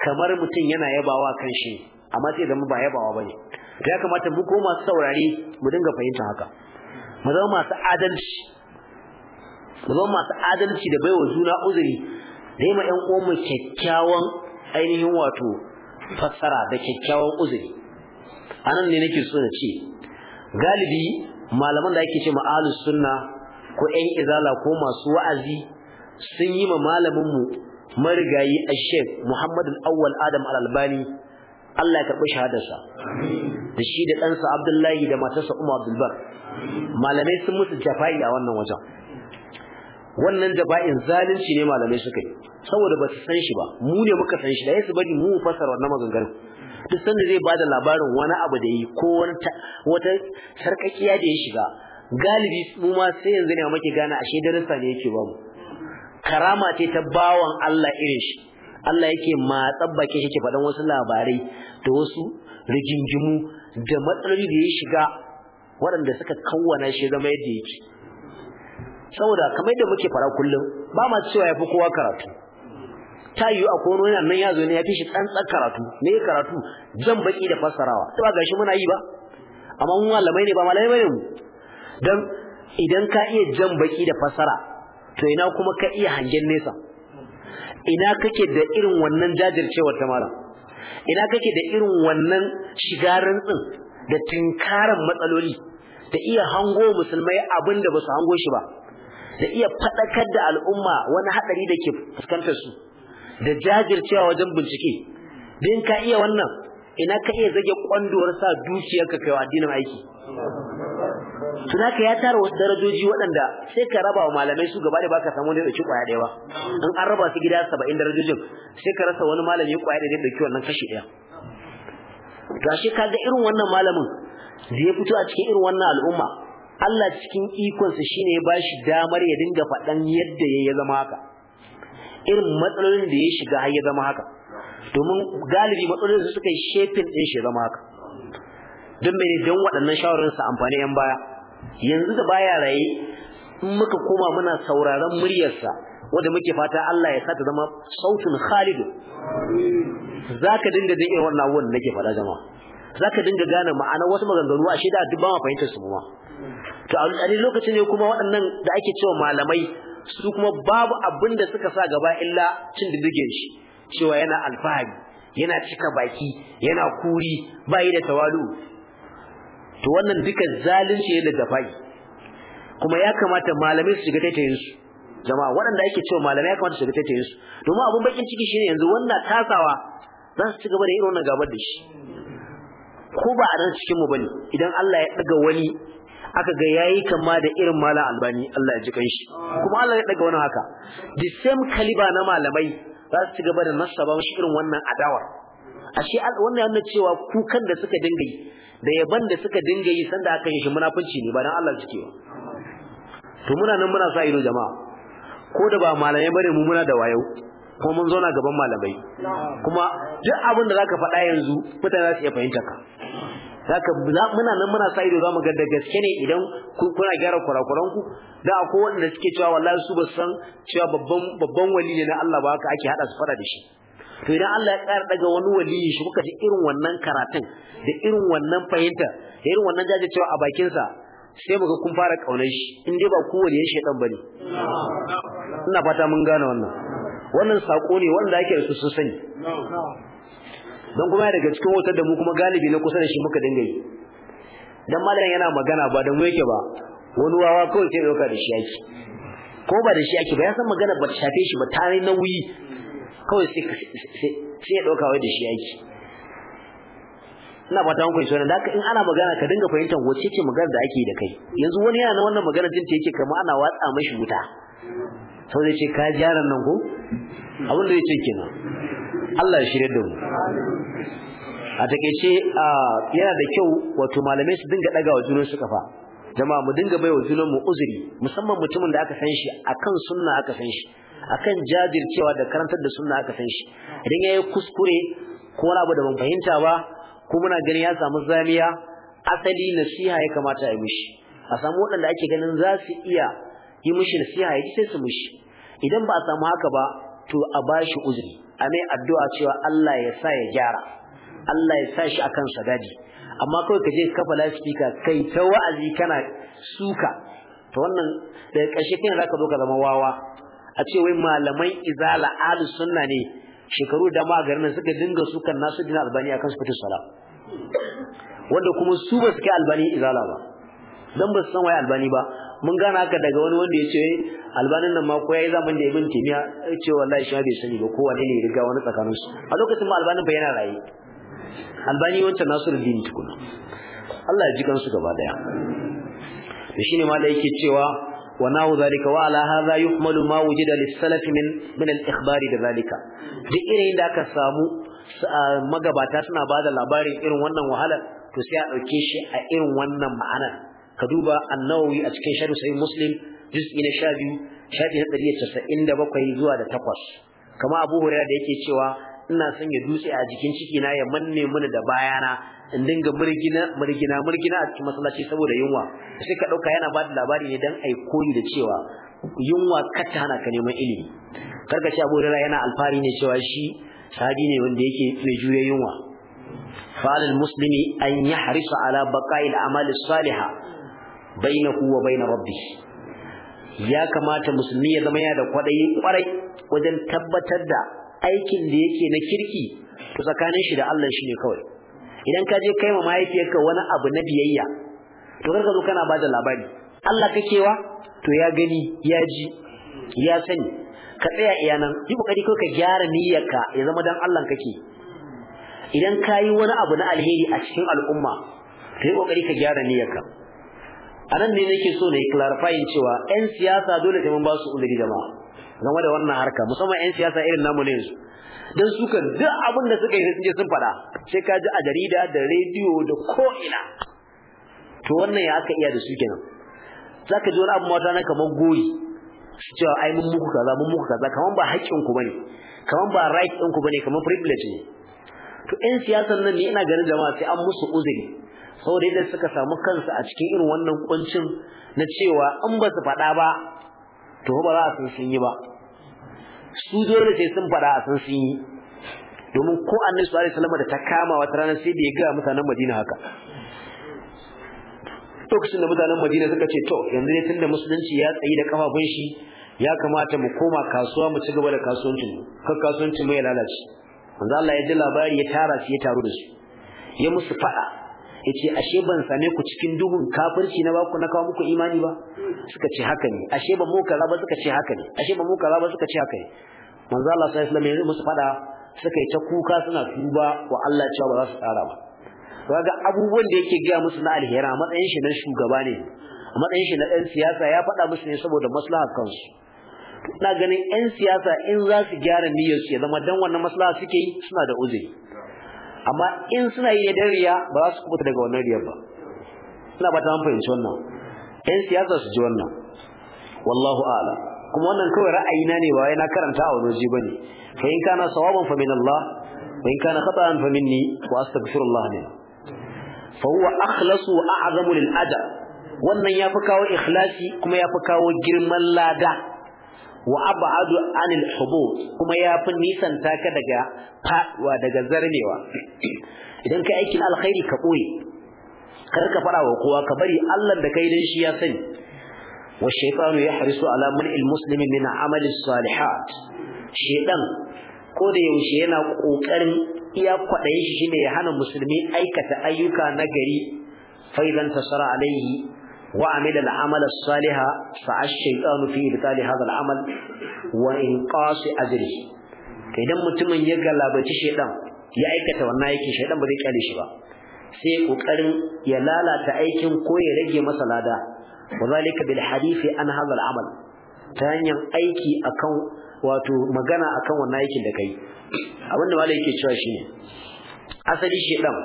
kamar mutum yana yabawa kan shi amma sai zama ba yabawa bane ya kamata mu ko masu saurari mu dinga fahimta haka mu zama masu adalci mu zama masu adalci da baiwa juna uzuri da yi ma ƴan uwanmu kyakkyawan ainihin wato fassara da kyakkyawan uzuri anan ne nake so na ce galibi malaman da ake ce ma'alus sunna ko 'yan izala ko masu wa'azi sun yi ma malaminmu. marigayi a sheikh muhammadu awwal adam al-albani Allah ya karɓi shahadarsa da shi da ɗansa abdullahi da matarsa umar abdulbar malamai sun mutu jafa'i a wannan wajen wannan jafa'in zalunci ne malamai suka yi saboda ba su san shi ba mu ne muka san shi da yasu bari mu fasara wannan maganganun duk sanda zai bada labarin wani abu da yi ko wata sarkakiya da ya shiga galibi mu ma sai yanzu ne muke gane ashe darussa ne yake ba mu karama ce ta bawan Allah irin shi Allah yake matsabbake shi ke faɗan wasu labarai da wasu rigingimu da matsaloli da ya shiga waɗanda suka kawwana shi zama yadda yake saboda kamar yadda muke fara kullum ba ma cewa ya fi kowa karatu ta yiwu a kono yana nan ya zo ne ya fi shi tsantsan karatu me ya karatu jan baki da fassarawa ta ba gashi muna yi ba amma mu malamai ne ba malamai ne mu dan idan ka iya jan baki da fassara to ina kuma ka iya hangen nesa ina kake da irin wannan jajircewar ta mara, ina kake da irin wannan shiga rantsin da tinkaran matsaloli da iya hango musulmai abin da ba su hango shi ba da iya faɗakar da al'umma wani haɗari da ke fuskantar su da jajircewa wajen bincike din ka iya wannan ina ka iya zage kwandowar sa dukiyarka kai wa addinin aiki to ya tara wasu darajoji waɗanda sai ka raba wa malamai su gaba da baka samu da dauki kwaya daya ba in an raba su gida 70 darajojin sai ka rasa wani malami kwaya daya da dauki wannan kashi daya ka ga irin wannan malamin da ya fito a cikin irin wannan al'umma Allah cikin ikonsa shine ya bashi damar ya dinga faɗan yadda ya zama haka irin matsalolin da ya shiga har ya zama haka domin galibi matsalolin su suka yi shefin din shi zama haka don mene don waɗannan shawarar sa amfani yan baya yanzu da baya raye in muka koma muna sauraron muryarsa wanda muke fata Allah ya sata zama sautin khalidu zaka dinga jin irin wannan wannan nake fada jama'a zaka dinga gane ma'ana wasu maganganu a shida duk ba ma fahimtar su kuma to a lokaci ne kuma waɗannan da ake cewa malamai su kuma babu abin da suka sa gaba illa cin dibigin shi cewa yana alfahari yana cika baki yana kuri bai da tawalu to wannan duka zalunci ne daga bai kuma ya kamata malamai su shiga taitayin su jama'a waɗanda ake cewa malamai ya kamata su shiga taitayin su domin abun bakin ciki shine yanzu wannan tasawa za su ci gaba da irin wannan gabar da shi ko ba a nan cikin mu bane idan Allah ya daga wani aka ga yayi kama da irin malam albani Allah ya ji kanshi kuma Allah ya daga wani haka the same caliber na malamai za su ci gaba da nasaba shi irin wannan adawar ashe wannan yana cewa kukan da suka dinga yi da yaban da suka dinga yi sanda aka yi shi munafunci ne ba dan Allah suke ba to muna nan muna sa ido jama'a ko da ba malamai bane mu muna da wayo ko mun zauna gaban malamai kuma duk abin da zaka faɗa yanzu mutane za su iya fahimta ka zaka muna nan muna sa ido zamu ga da gaske ne idan kuna gyara kurakuran ku da akwai wanda suke cewa wallahi su ba san cewa babban babban wali ne na Allah ba haka ake hada su fara da shi to idan Allah ya ƙara daga wani waliyi shi kuka ji irin wannan karatun da irin wannan fahimta da irin wannan jajircewa a bakinsa sai muga kun fara kaunar shi in dai ba ku wani waliyan shedan bane ina fata mun gane wannan wannan sako ne wanda ake da su sun sani don kuma daga cikin wutar da mu kuma galibi na kusa da shi muka dinga yi dan malamin yana magana ba dan mu yake ba wani wawa kawai ke dauka da shi yake ko ba da shi yake ba ya san magana ba ta shafe shi ba na nauyi kawai sai ya ɗauka wai da shi yaki ina fata muku shi da in ana magana ka dinga fahimtar wacce ce magana da ake da kai yanzu wani yana wannan magana jin ta yake kamar ana watsa mashi wuta sau zai ce ka jaran nan ko abin da ya ce kenan Allah ya shirye da mu a takeice yana da kyau wato malamai su dinga daga wa junan su kafa jama'a mu dinga baiwa junan mu uzuri musamman mutumin da aka san shi akan sunna aka san shi akan jajircewa da karantar da sunna aka san shi idan yayi kuskure ko wani abu da ban fahimta ba ko muna ganin ya samu zamiya asali nasiha ya kamata a yi mishi a samu waɗanda ake ganin za su iya yi mishi nasiha ya ji sai su mishi idan ba a samu haka ba to a bashi uzuri a mai addu'a cewa Allah ya sa ya gyara Allah ya sa shi akan sagadi amma kawai ka je kafa lafifika kai ta wa'azi kana suka to wannan daga ƙarshe kai zaka zo ka zama wawa a ce wai malamai izala alu sunna ne shekaru da ma garin suka dinga sukan nasu dina albani akan su fitu sala wanda kuma su ba su kai albani izala ba dan ba su san wai albani ba mun gana haka daga wani wanda ya ce albanin nan ma ko yayi zaman da ibn timiya ya ce wallahi shi bai sani ba ko wani ne riga wani tsakanin su a lokacin ma albanin ba yana raye albani wancan nasiruddin tukuna Allah ya ji kansu gaba daya to shine ma da yake cewa ونحو ذلك وعلى هذا يحمل ما وجد للسلف من من الاخبار بذلك duk irin da aka samu magabata suna bada labarin irin wannan wahalar to sai a dauke shi a irin wannan ma'ana ka duba annawi a cikin sharh sahih muslim juz'i na 12 shafi zuwa da 8 kama abu hurairah da yake cewa ina son ya dutse a jikin ciki na ya manne mana da bayana in dinga murgina murgina murgina a cikin masallaci saboda yunwa sai ka dauka yana bada labari ne dan ai koyi da cewa yunwa kata hana ka neman ilimi karka ce Abu Hurairah yana alfari ne cewa shi sahabi ne wanda yake mai juya yunwa falal muslimi an yahrisa ala baqa'il amali salihah bainahu wa bain rabbih ya kamata musulmi ya zama yana da kwadayi kwarai wajen tabbatar da aikin da yake na kirki tsakanin shi da Allah shi ne kawai idan ka je kai ma mahaifiyarka wani abu na biyayya to karka zo kana bada labari Allah kakewa to ya gani ya ji ya sani ka tsaya iya nan yi kokari ko ka gyara niyyarka ya zama dan Allah kake idan ka yi wani abu na alheri a cikin al'umma to yi kokari ka gyara niyyarka a nan ne nake so na yi clarifying cewa 'yan siyasa dole sai mun ba su uzuri jama'a game da wannan harka musamman 'yan siyasa irin namu ne yanzu dan su kan duk abin da suka yi sun sun faɗa sai ka ji a jarida da rediyo da ko ina to wannan ya aka iya da su kenan zaka ji wani abu mata na kamar goyi su ce ai mun muku kaza mun muku kaza kaman ba haƙƙin ku bane kaman ba right ɗin ku bane kaman privilege ne to ƴan siyasar nan ne ina ganin jama'a sai an musu uzuri saboda yadda suka samu kansu a cikin irin wannan kuncin na cewa in ba su faɗa ba to ba za a san sun yi ba su da sai sun faɗa a san sun yi domin ko annabi sallallahu alaihi wasallam da ta kama wata rana sai da ya ga mutanen Madina haka lokacin da mutanen Madina suka ce to yanzu ne tunda musulunci ya tsayi da kafafun shi ya kamata mu koma kasuwa mu ci gaba da kasuwancin kar kasuwancin mu ya lalace manzo Allah ya ji labari ya tara shi ya taru da su ya musu fada yace ashe ban same ku cikin duhun kafirci na ku na kawo muku imani ba suka ce haka ne ashe ba mu kaza ba suka ce haka ne ashe ba mu kaza ba suka ce haka ne manzo Allah sallallahu alaihi wasallam ya musu fada suka yi ta kuka suna tuba wa Allah cewa ba za su tsara ba ga abubuwan da yake gaya musu na alheri a matsayin shi na shugaba ne a matsayin shi na ɗan siyasa ya faɗa musu ne saboda maslaha kansu ina ganin 'yan siyasa in za su gyara niyyar su ya zama dan wannan maslaha suke yi suna da uzi. amma in suna yi da riya ba za su kubuta daga wannan riyar ba ina ba ta fahimci wannan Yan siyasa su ji wannan wallahu a'lam kuma wannan kawai ra'ayina ne ba wai na karanta a wani waje bane fa in kana sawaban fa min Allah wa in kana khata'an fa minni wa astaghfirullah ne fa huwa akhlasu wa a'zamu lil ajr wannan yafi kawo ikhlasi kuma yafi kawo girman lada wa ab'adu anil hubub kuma yafi nisanta ka daga fadwa daga zarmewa idan kai aikin alkhairi ka boye kar ka fara wa kowa ka bari Allah da kai dan shi ya sani والشيطان يحرص على منع المسلم من عمل الصالحات شيطان ko da yaushe yana ƙoƙarin iya kwadayin shi shine ya hana musulmi aikata ayyuka na gari fa idan tasara alaihi wa amila Saliha, amal as-salih fa ash-shaytan fi ibtali idan mutumin ya galabaci shaytan ya aikata wannan aikin shaytan ba zai kyale shi ba sai ƙoƙarin ya lalata aikin ko ya rage masa lada وذلك بالحديث عن هذا العمل تانيا ايكي اكن wato magana akan wannan aikin da kai abinda malai yake cewa shine asali shedan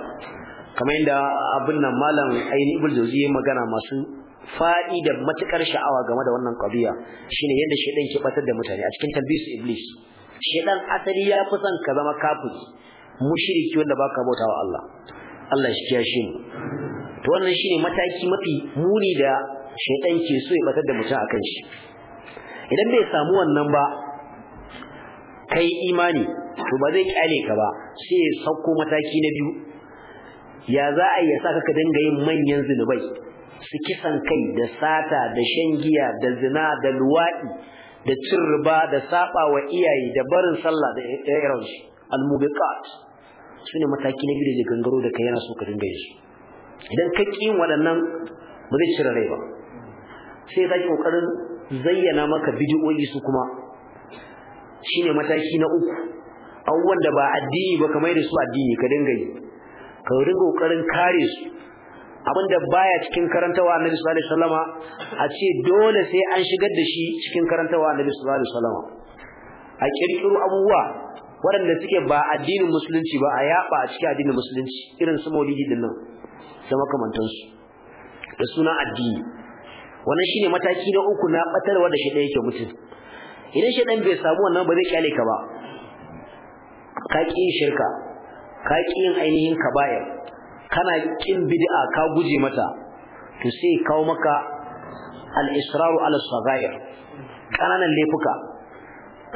kamar yadda abin nan malam ayin ibul jawzi magana masu fadi da matukar sha'awa game da wannan kabiya shine yadda shedan ke batar da mutane a cikin tambisu iblis shedan asali ya fi son ka zama kafiri mushriki wanda baka bautawa Allah Allah shi ya mu to wannan shine mataki mafi muni da shaitan ke so ya batar da mutum kan shi idan bai samu wannan ba kai imani to ba zai kyale ka ba sai ya sauko mataki na biyu ya za a yi sa ka dinga yin manyan zunubai su kisan kai da sata da shan giya da zina da luwaɗi da cin riba da saba wa iyaye da barin sallah da irin su al-mubiqat sune mataki na biyu da gangaro da kai yana so ka dinga yi idan ka ƙi waɗannan ba zai cire rai ba sai ka kokarin zayyana maka bid'o'i su kuma shine mataki na uku abubuwan da ba addini ba kamar da su addini ka dinga yi ka dinga kokarin kare su abinda baya cikin karantawa annabi sallallahu alaihi wasallama a ce dole sai an shigar da shi cikin karantawa annabi sallallahu alaihi wasallama a kirkiro abubuwa waɗanda suke ba addinin musulunci ba a yaba a cikin addinin musulunci irin su maulidi dinnan sama da makamantansu da suna addini wannan shine mataki na uku na batarwa da shi da yake mutum idan shi dan bai samu wannan ba zai kyale ka ba ka ki shirka ka ki yin ainihin kaba'ir kana kin bid'a ka guje mata to sai kawo maka al israr ala sagair kananan laifuka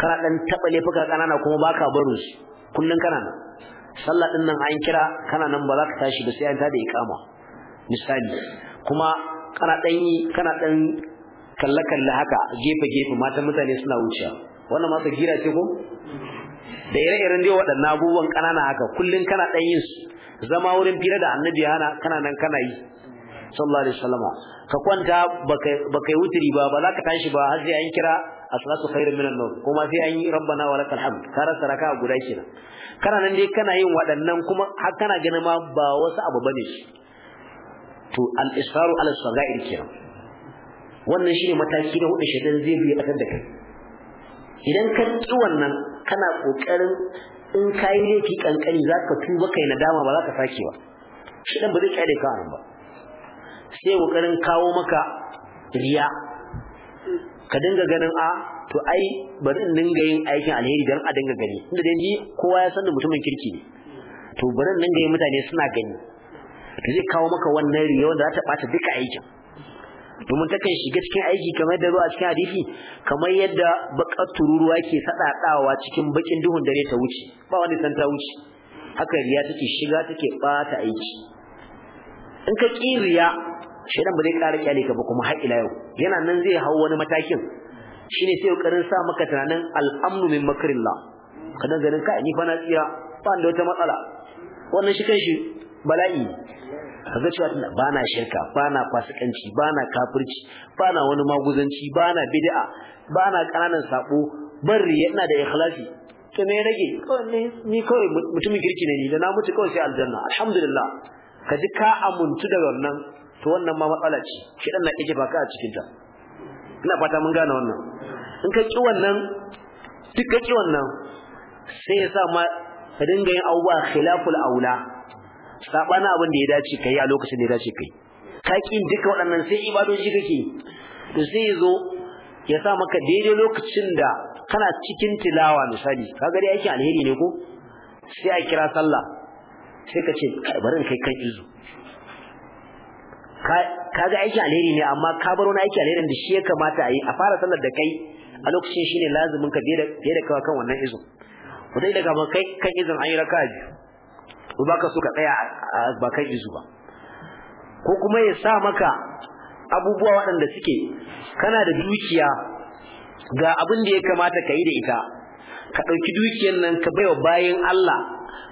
kana dan taba laifuka kanana kuma baka baro shi kullun kanana sallah din nan an kira kana nan ba za ka tashi ba sai an tada ikama misali kuma kana dan yi kana dan kalle kalle haka gefe gefe matan mutane suna wuce wannan ma gira ce ko da ire-iren dai waɗannan abubuwan ƙanana haka kullun kana dan yin su zama wurin fira da annabi hana kana nan kana yi sallallahu alaihi wasallama ka kwanta baka baka wutiri ba ba za ka tashi ba har sai an kira as khairun minan nur kuma sai an yi rabbana wa lakal hamd kara saraka guda kenan kana nan dai kana yin waɗannan kuma har kana ganin ma ba wasu abu bane shi to al isharu ala sagair kenan wannan shine mataki na hudu shedan zai biya kasar da kai idan ka ci wannan kana kokarin in kai laifi kankani zaka tuba kai nadama ba zaka sake ba shedan ba zai kare ka ba sai kokarin kawo maka riya ka dinga ganin a ah, to ai bari in dinga yin aikin alheri dan a dinga gani inda dai ni kowa ya san da mutumin kirki ne to bari in dinga yin mutane suna gani da zai kawo maka wannan riya wanda za ta bata duka aikin domin ta kan shiga cikin aiki kamar da ruwa cikin hadisi kamar yadda bakar tururuwa ke sadadawa cikin bakin duhun dare ta wuce ba wani san ta wuce haka riya take shiga take bata aiki in ka ƙi riya shedan ba zai ƙara kyale ka ba kuma har ila yau yana nan zai hau wani matakin shine sai kokarin sa maka tunanin al'amnu min makrillah kada ganin ka ni fa na tsira ba da wata matsala wannan shi kan shi. bala'i ga cewa na shirka ba bana fasikanci na kafirci na wani maguzanci ba bana bid'a na kananan sako barri ina da ikhlasi to me rage ni kawai mutumin kirki ne ni da na mutu kawai sai aljanna alhamdulillah ka ji ka amuntu da wannan to wannan ma matsala ce shi dan na kike baka a cikin ta ina fata mun gane wannan in ka ki wannan duk ka ki wannan sai ya sa ma ka dinga yin abubuwa khilaful aula sabana abin da ya dace kai a lokacin da ya dace kai ka kin duka waɗannan sai ibadoji kake to sai zo ya sa maka daidai lokacin da kana cikin tilawa misali ga dai aikin alheri ne ko sai a kira sallah sai ka ce bari kai kan izo. Ka ga aikin alheri ne amma ka bar wani aikin alherin da shi ya kamata a yi a fara sallar da kai a lokacin shine lazumin ka biye da kawa kan wannan ko dai daga kai kan izin an yi raka'a biyu to baka so ka tsaya ba kan izu ba ko kuma ya sa maka abubuwa waɗanda suke kana da dukiya ga abin da ya kamata ka yi da ita ka ɗauki dukiyan nan ka baiwa bayan Allah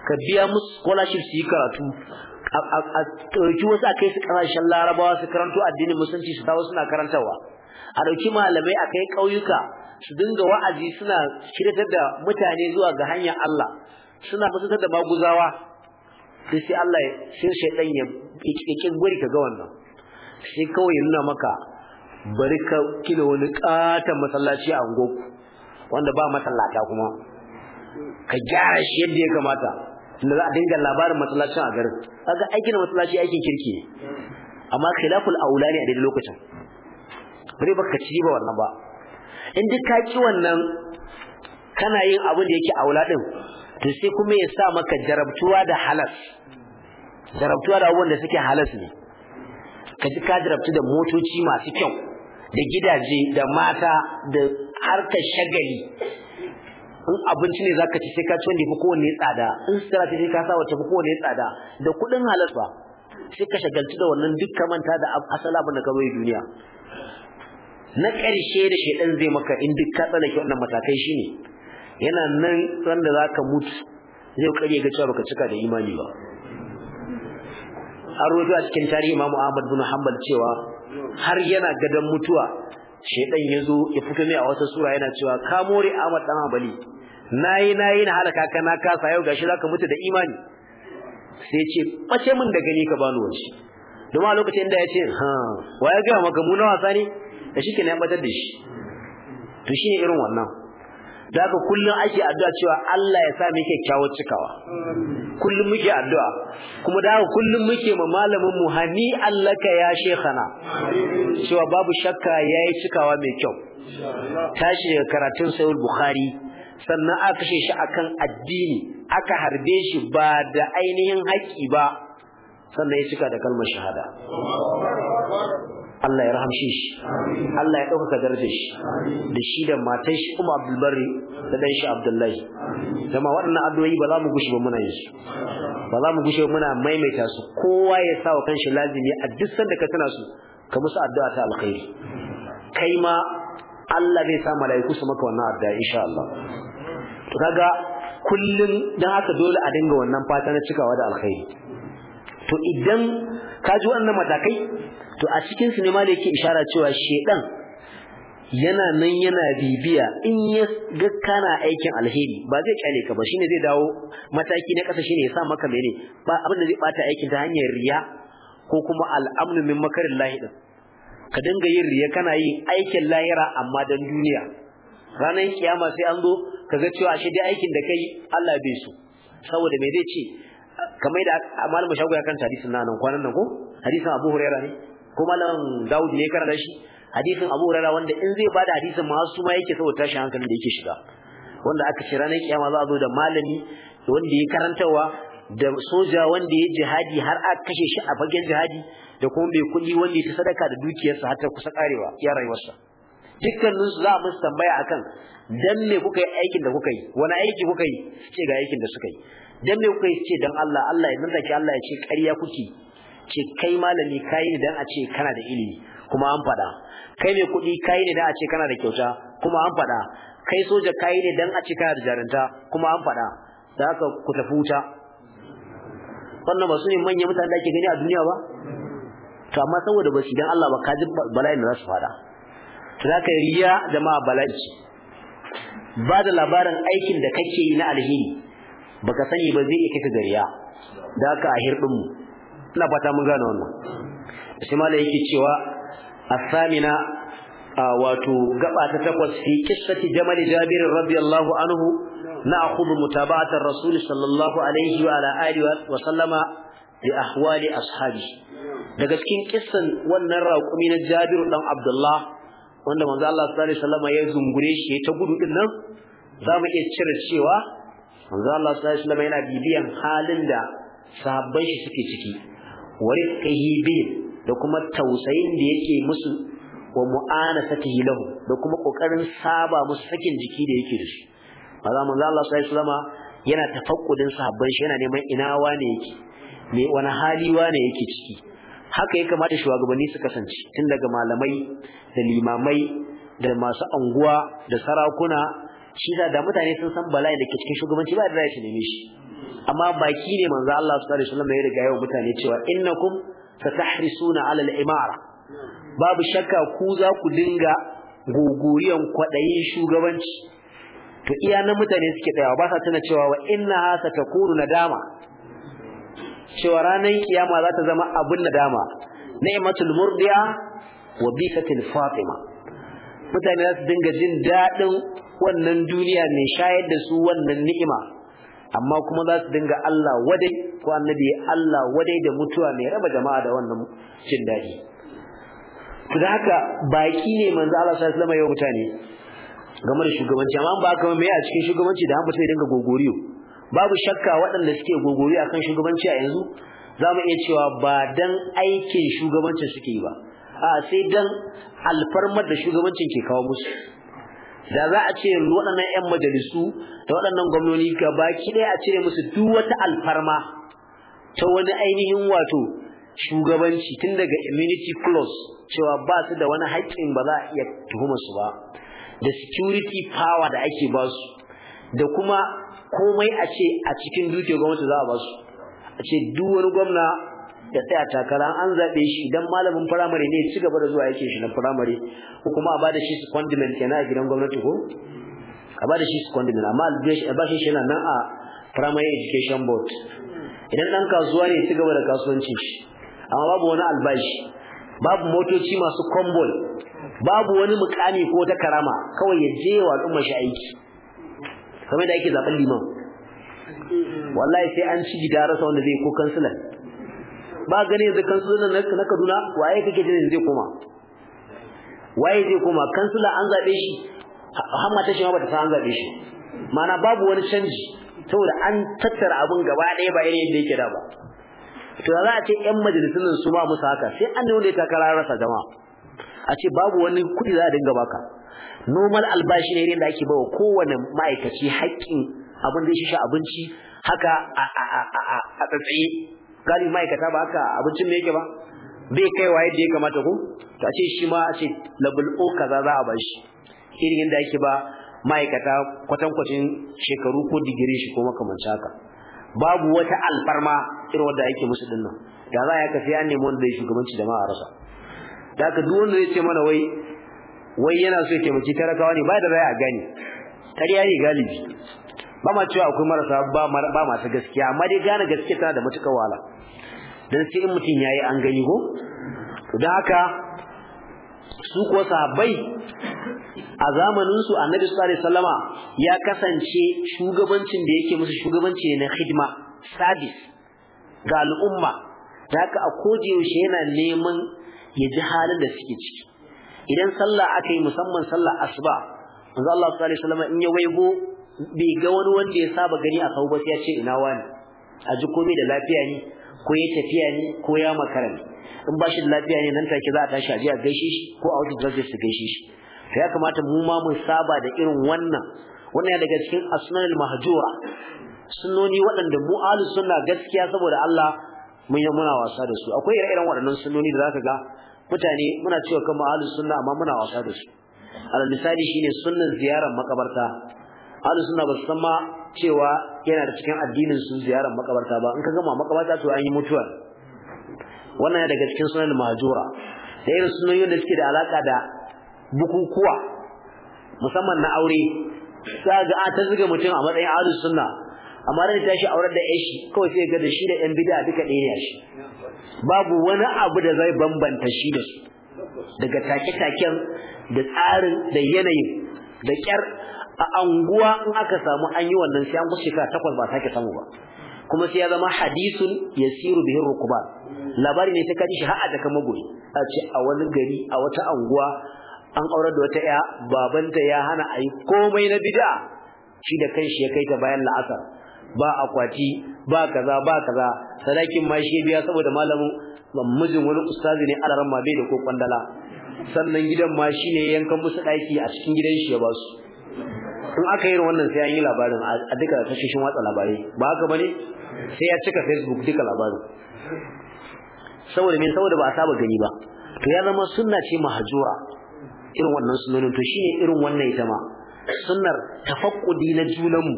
ka biya musu scholarship su yi karatu a ɗauki wasu a kai su ƙasashen larabawa su karanto addinin musulunci su dawo suna karantarwa a ɗauki malamai a kai ƙauyuka su dinga wa'azi suna shiryatar da mutane zuwa ga hanyar Allah suna mutuntar da maguzawa sai sai Allah sai shaidan ya kikin guri kaga wannan sai kawai ya nuna maka bari ka kila wani katan masallaci a ungoku wanda ba masallata kuma ka gyara shi yadda ya kamata tunda za a dinga labarin masallacin a garin kaga aikin masallaci aikin kirki amma khilaful aula ne a daidai lokacin bari baka ci ba wannan ba in duk ka ci wannan kana yin abin da yake aula din to sai kuma ya sa maka jarabtuwa da halas jarabtuwa da abubuwan da suke halas ne ka ji ka jarabtu da motoci masu kyau da gidaje da mata da harkar shagali in abinci ne zaka ci sai ka ci wanda fi kowanne tsada in sutura sai ka sa wacce fi kowanne tsada da kuɗin halas ba sai ka shagaltu da wannan duk ka manta da asala abin da ka bai duniya na ƙarshe da shaidan zai maka in duk ka tsallake wannan matakai shine yana nan sanda zaka mutu zai kare ga cewa baka cika da imani ba an rubuta a cikin tarihi Imam Ahmad bin Hanbal cewa har yana gadan mutuwa shedan yazo ya fito ne a wata sura yana cewa ka more Ahmad dan abali. nayi nayi na halaka ka na kasa yau gashi zaka mutu da imani sai ce bace min da gani ka bani wani don a lokacin da ya ce ha wa ya ga maka mu na wasa ne da shi ke na batar da shi to shine irin wannan da haka kullum ake addu'a cewa Allah ya sa mu kyakkyawar cikawa kullum muke addu'a kuma da haka kullum muke ma malamin mu hani allaka ya shekhana cewa babu shakka yayi cikawa mai kyau tashi daga karatun sahih bukhari sannan aka kashe shi akan addini aka harbe shi ba da ainihin haƙi ba sannan ya cika da kalmar shahada Allah ya rahamshe shi Allah ya ɗaukaka darajar shi da shi da matan shi kuma Abdul Barri da dan shi Abdullahi kuma waɗannan addu'o'i ba za mu gushe ba muna yin su ba za mu gushe muna maimaita su kowa ya sa wa kanshi lazimi a duk sanda ka tana su ka musu addu'a ta alkhairi kai ma Allah zai sa mala'iku su maka wannan addu'a insha Allah to kaga kullun dan haka dole a dinga wannan fata na cikawa da alkhairi to idan ka ji wannan matakai to a cikin su ne ma da yake ishara cewa shedan yana nan yana bibiya in ya ga kana aikin alheri ba zai kyale ka ba shine zai dawo mataki na kasa shine ya sa maka mene ba abin da zai bata aikin ta hanyar riya ko kuma al'amnu min makarin din ka dinga yin riya kana yin aikin lahira amma dan duniya ranar kiyama sai an zo ka ga cewa shi dai aikin da kai Allah bai so saboda me zai ce kamar da malamin shago ya kanta hadisin nan kwanan nan ko hadisin Abu Hurairah ne ko nan Dawud ne karanta shi hadisin Abu Hurairah wanda in zai bada hadisin ma su ma yake saboda tashin hankalin da yake shiga wanda aka ce ranar kiyama za a zo da malami wanda ya karantawa da soja wanda ya jihadi har a kashe shi a fagen jihadi da kuma bai kuɗi wanda ya ta sadaka da dukiyarsa har ta kusa karewa ya rayuwarsa dukkanin su za a musu tambaya akan dan me kuka yi aikin da kuka yi wani aiki kuka yi ce ga aikin da suka yi dan me kuka yi ce dan Allah Allah ya ki Allah ya ce ƙarya kuke ce kai malami kai ne dan a ce kana da ilimi kuma an fada kai mai kuɗi kai ne dan a ce kana da kyauta kuma an faɗa kai soja kai ne dan a ce kana da jarunta kuma an faɗa da haka ku tafi wuta wannan ba su ne manyan mutane da ake gani a duniya ba to amma saboda ba su dan Allah ba ji Bala'i da za su faɗa to za ka riya jama'a bala'i ba da labarin aikin da kake yi na alheri baka sani ba zai iya kai ka gariya da haka a mu ina fata mun gane wannan sai mala yake cewa asamina wato gaba ta takwas fi qissati jamal jabir radiyallahu anhu na na'khudhu mutaba'ata ar-rasul sallallahu alaihi wa ala alihi wa sallama bi ahwali ashabi daga cikin kissan wannan raƙumi na Jabir dan Abdullah wanda manzo Allah sallallahu alaihi wasallam ya zungure shi ta gudu din nan zamu iya cire cewa manzo Allah sallallahu alaihi wasallam yana bibiyan halin da sahabban shi suke ciki wa rifqihi da kuma tausayin da yake musu wa mu'anasatihi hilahu, da kuma kokarin saba musu sakin jiki da yake da su maza manzo Allah sai su zama yana tafakkudin sahabban shi yana neman ina wane yake me wani hali wane yake ciki haka ya kamata shugabanni su kasance tun daga malamai da limamai da masu anguwa da sarakuna shi da mutane sun san bala'i da ke cikin shugabanci ba da rashin su neme shi amma baki ne manzo Allah sallallahu alaihi wasallam ya riga yau mutane cewa innakum satahrisuna ala al-imara babu shakka ku za ku dinga gogoriyan kwadayin shugabanci to iya na mutane suke tsayawa ba sa tana cewa wa hasa satakunu nadama cewa ranar kiyama za ta zama abin nadama ni'matul murdiya wa bifatil fatima mutane za su dinga jin dadin wannan duniya mai shayar da su wannan ni'ima amma kuma za su dinga Allah wadai ko annabi Allah wadai da mutuwa mai raba jama'a da wannan cin daji to da haka baki ne manzo Allah sallallahu alaihi wasallam ya mutane game da shugabanci amma ba kuma mai a cikin shugabanci da sai dinga gogoriyo babu shakka waɗanda suke gogoriyo akan shugabanci a yanzu za mu iya cewa ba dan aikin shugabancin suke yi ba a sai dan alfarmar da shugabancin ke kawo musu da za a ce waɗannan 'yan majalisu da waɗannan gwamnoni ga baki ɗaya a cire musu duk wata alfarma ta wani ainihin wato shugabanci tun daga immunity clause cewa ba su da wani haƙƙin ba za a iya tuhuma su ba da security power da ake ba su da kuma komai a ce a cikin dukiyar gwamnati za a ba su a ce duk wani gwamna ya tsaya takara an zabe shi idan malamin primary ne ci gaba da zuwa yake shi na primary ko kuma a bada shi secondment kenan a gidan gwamnati ko a bada shi secondment amma a bashi shi yana nan a primary education board idan dan kasuwa ne ci gaba da kasuwanci shi amma babu wani albashi babu motoci masu combo, babu wani mukami ko ta karama kawai ya je wa al'umma shi aiki kamar da ake zaben liman wallahi sai an ci gidarasa wanda zai ko kansilan ba gane yanzu kansulan na Kaduna waye kake jin zai koma waye zai koma kansula an zabe shi hamma ta shi bata san zabe shi mana babu wani canji saboda an tattara abun gaba ɗaya ba yadda yake da ba to za a ce ƴan majalisun su ba musu haka sai an ne wanda ya takara rasa jama'a a ce babu wani kuɗi za a dinga baka normal albashi ne da ake bawa kowane ma'aikaci haƙƙin abin da ya shi abinci haka a tsatsaye galibi ma'aikata ba haka abincin me yake ba bai kai kaiwa yadda ya kamata ko to a ce shi ma a ce labul o kaza za a bashi irin yadda ake ba ma'aikata kwatankwacin shekaru ko digiri shi ko makamanci haka babu wata alfarma irin wadda ake musu din nan da za a yaka sai an nemi wanda zai shugabanci jama'a rasa da haka duk wanda zai ce mana wai wai yana so ya taimaki talakawa ne ba da raya a gani kariya ne galibi ba ma cewa akwai marasa ba masu gaskiya amma dai gane gaskiya tana da matuƙa wahala dan sai in mutum yi an gani ko dan haka su kuwa sahabbai a zamaninsu su annabi sallallahu alaihi ya kasance shugabancin da yake musu shugabanci na hidima service ga al'umma da haka a koje yaushe yana neman ya ji halin da suke ciki idan sallah aka yi musamman sallah asuba manzo Allah sallallahu alaihi in ya waigo bai ga wani wanda ya saba gani a kawo ba ya ce ina wani a ji komai da lafiya ne ko ya tafiya ne ko ya makara ne in ba shi da lafiya ne nan take za a tashi a je a gaishe shi ko a wajen jirgin su gaishe shi to ya kamata mu ma mu saba da irin wannan wannan daga cikin asnanul mahjura sunnoni waɗanda mu ahlus sunna gaskiya saboda Allah mun yi muna wasa da su akwai ire-iren waɗannan sunnoni da zaka ga mutane muna cewa kan ahlus sunna amma muna wasa da su alal misali shine sunnan ziyarar makabarta ahlus suna ba su san ma cewa yana da cikin addinin su ziyarar makabarta ba in ka gama makabarta to an yi mutuwa wannan daga cikin sunan majura da irin sunan da suke da alaka da bukukuwa musamman na aure za ga a ta zuga mutum a matsayin ahlus sunna amma da tashi aurar da shi kawai sai ga da shi da yan bid'a duka ɗaya ne shi babu wani abu da zai bambanta shi da su daga take-taken da tsarin da yanayin da kyar a anguwa in aka samu an yi wannan sai an kusa shekara takwas ba sake samu ba kuma sai ya zama hadisun yasiru bihin rukuban labari ne ta kaji shi ha'a da kan magoyi a ce a wani gari a wata anguwa an aurar da wata ya babanta ya hana a yi komai na bid'a shi da kanshi ya kai ta bayan la'asar ba akwati ba kaza ba kaza sadakin ma shi biya saboda malamin mijin wani ustazi ne alaran ma bai da ko kwandala sannan gidan ma shi ya yankan musu daki a cikin gidan shi ya basu in aka yi wannan sai an yi labarin a duka tashoshin watsa labarai ba haka bane sai ya cika facebook duka labarin saboda me saboda ba a saba gani ba to ya zama sunna ce mahjura irin wannan sunanin to shine irin wannan ita ma sunnar tafakkudi na junanmu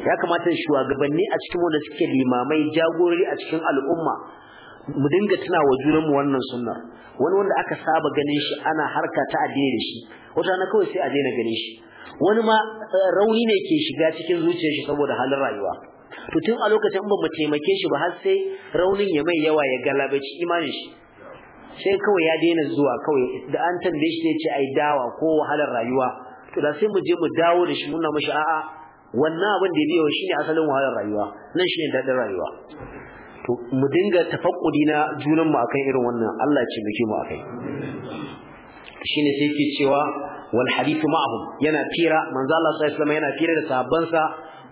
ya kamata shugabanni a cikin wanda suke limamai jagorari a cikin al'umma mu dinga tuna wa junanmu wannan sunnar wani wanda aka saba ganin shi ana harka ta addini da shi wata na kawai sai a daina ganin shi wani ma eh, rauni ne ke shiga cikin zuciyar shi saboda halin rayuwa to tun a lokacin in bamu taimake shi ba har sai raunin ya mai yawa ya galabaci imanin shi sai kawai ya daina zuwa kawai da an tambaye shi ce ai dawa ko wahalar rayuwa to da sai mu je mu dawo da shi muna mashi a'a wannan abin da ya biyo shine asalin wahalar rayuwa nan shine dadin rayuwa to mu dinga tafakkudi na junan mu akan irin wannan Allah ya ce mu akai shine sai ke cewa wal hadithu ma'ahum yana fira manzo Allah sallallahu alaihi yana fira da sahabbansa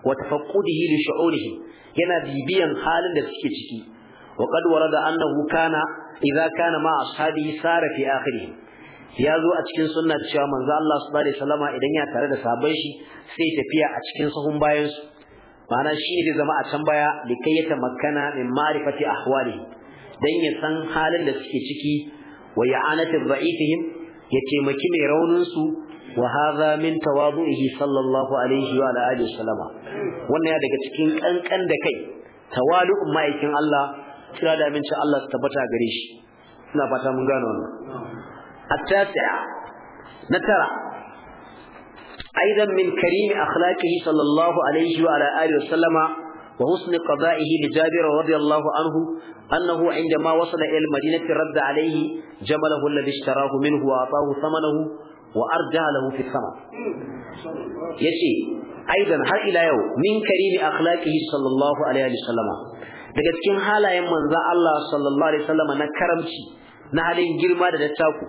wa tafaqqudihi li shu'urihi yana bibiyan halin da suke ciki wa qad warada annahu kana idza kana ma ashabihi sara fi akhirih ya zo a cikin sunna cewa manzo Allah sallallahu alaihi idan ya tare da sahabban shi sai tafiya a cikin sahun bayan su ma'ana shi ne zama a can baya kai ya tamakkana min ma'rifati ahwalihi dan ya san halin da suke ciki wa ya'anati dha'ifihim ya taimaki mai raunin su wa hadha min tawadu'ihi sallallahu alaihi wa alihi wasallama wannan ya daga cikin kankan da kai tawalu'un ma'aikin Allah kira da amincin Allah su tabbata gare shi ina fata mun gano wannan at-tasi'a na tara aidan min karimi akhlaqihi sallallahu alaihi wa alihi wasallama وحسن قضائه لجابر رضي الله عنه أنه عندما وصل إلى المدينة رد عليه جمله الذي اشتراه منه وأعطاه ثمنه وأرجع له في الثمن يشي أيضا هل إلى يوم من كريم أخلاقه صلى الله عليه وسلم daga cikin halayen manzo Allah sallallahu alaihi wasallam na karamci na halin girma da dattaku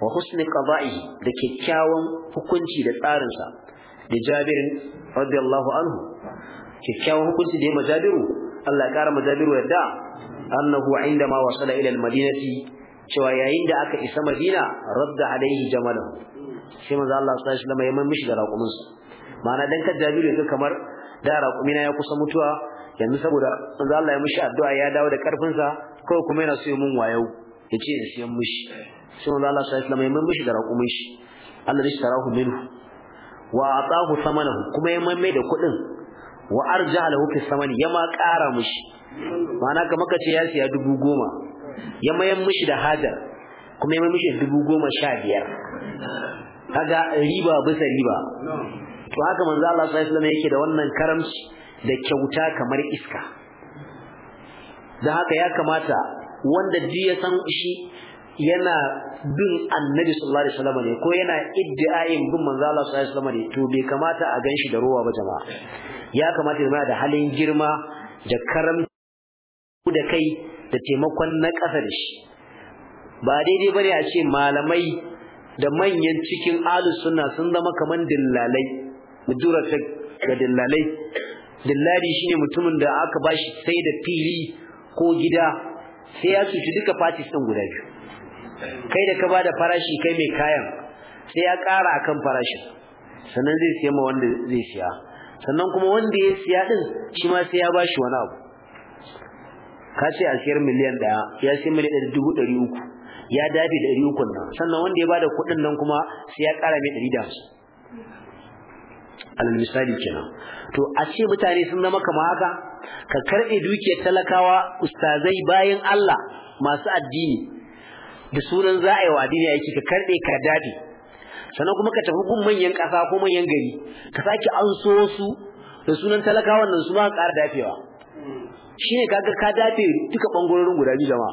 wa husni qada'i da kyakkyawan hukunci da tsarinsa da Jabir anhu kyakkyawan hukunci da ya majabiru Allah ya kara majabiru yadda annahu ma wasala ila almadinati cewa yayin da aka isa madina radda alaihi jamalahu sai manzo Allah sallallahu alaihi wasallam ya mishi da raƙumin sa ma'ana dan kan jabiru yake kamar da raƙumina ya kusa mutuwa yanzu saboda manzo Allah ya mishi addu'a ya dawo da karfin sa kawai kuma yana so ya mun wayau yace in siyan mishi sai manzo Allah sallallahu alaihi wasallam ya mishi da raƙumin shi Allah ya sharahu minhu wa atahu thamanahu kuma ya mai da kuɗin wa arja lahu fi samani yama ma ƙara mishi ma'ana kamar kace ya siya dubu goma ya mayan mishi da hajar kuma ya mayan mishi dubu goma sha biyar kaga riba bisa riba to haka manzo Allah sallallahu alaihi yake da wannan karamci da kyauta kamar iska Da haka ya kamata wanda duk ya san shi yana bin annabi sallallahu alaihi wasallam ne ko yana iddiayin bin manzo Allah sallallahu alaihi wasallam ne to bai kamata a ganshi da ruwa ba jama'a ya kamata ya da halin girma da karamu da kai da taimakon na ƙasa shi ba daidai bane a ce malamai da manyan cikin ahlus sunna sun zama kaman dillalai mudura ga dillalai dillali shine mutumin da aka bashi sai da fili ko gida sai ya cuci duka fatis din guda biyu kai da ka bada farashi kai mai kayan sai ya ƙara akan farashin sannan zai siya ma wanda zai siya sannan kuma wanda ya siya din shi ma sai ya bashi wani abu ka sai a siyar miliyan ɗaya ya sai miliyan dubu ɗari uku ya dafi ɗari uku nan sannan wanda ya bada kuɗin nan kuma sai ya ƙara mai ɗari da hamsin alal misali kenan to a ce mutane sun zama kama haka ka karɓe dukiyar talakawa ustazai bayan Allah masu addini da sunan za a yi wa duniya yake ka karɓe ka dade sannan kuma ka tafi gun manyan ƙasa ko manyan gari ka sake an so su da sunan talakawan nan su ma ƙara dafewa ne kaga ka dafe duka bangarorin guda biyu jama'a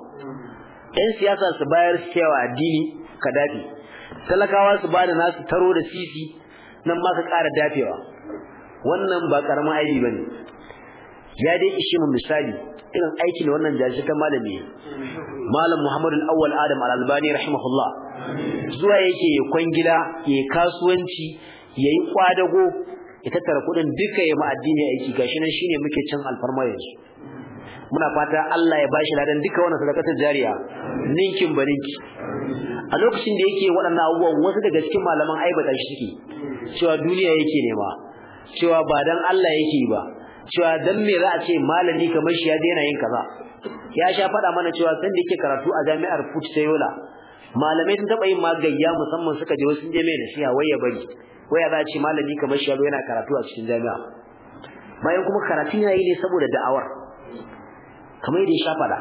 yan siyasa su bayar su cewa addini ka dafe talakawa su bada nasu taro da sisi nan ma ka ƙara dafewa wannan ba karamin ba bane ya dai ishe mu misali irin aikin wannan ta malami malam muhammadu al-Awwal Adam al-Albani rahimahullah zuwa yake ya kwangila ya kasuwanci ya yi kwadago ya tattara kudin duka ya ma'addini aiki gashi nan shine muke cin alfarma yanzu muna fata Allah ya bashi ladan duka wannan sadakatar jariya ninkin barinki a lokacin da yake waɗannan abubuwan wasu daga cikin malaman aibata shi suke cewa duniya yake nema cewa ba dan Allah yake ba cewa dan me za a ce malami kamar shi ya daina yin kaza ya sha faɗa mana cewa san da yake karatu a jami'ar Fut ta malamai sun taba yin magayya musamman suka je wasu je mai nasiha wai ya bari waya za a ce malami kamar shi ya yana karatu a cikin jami'a bayan kuma karatu yana yi ne saboda da'awar kamar yadda ya sha faɗa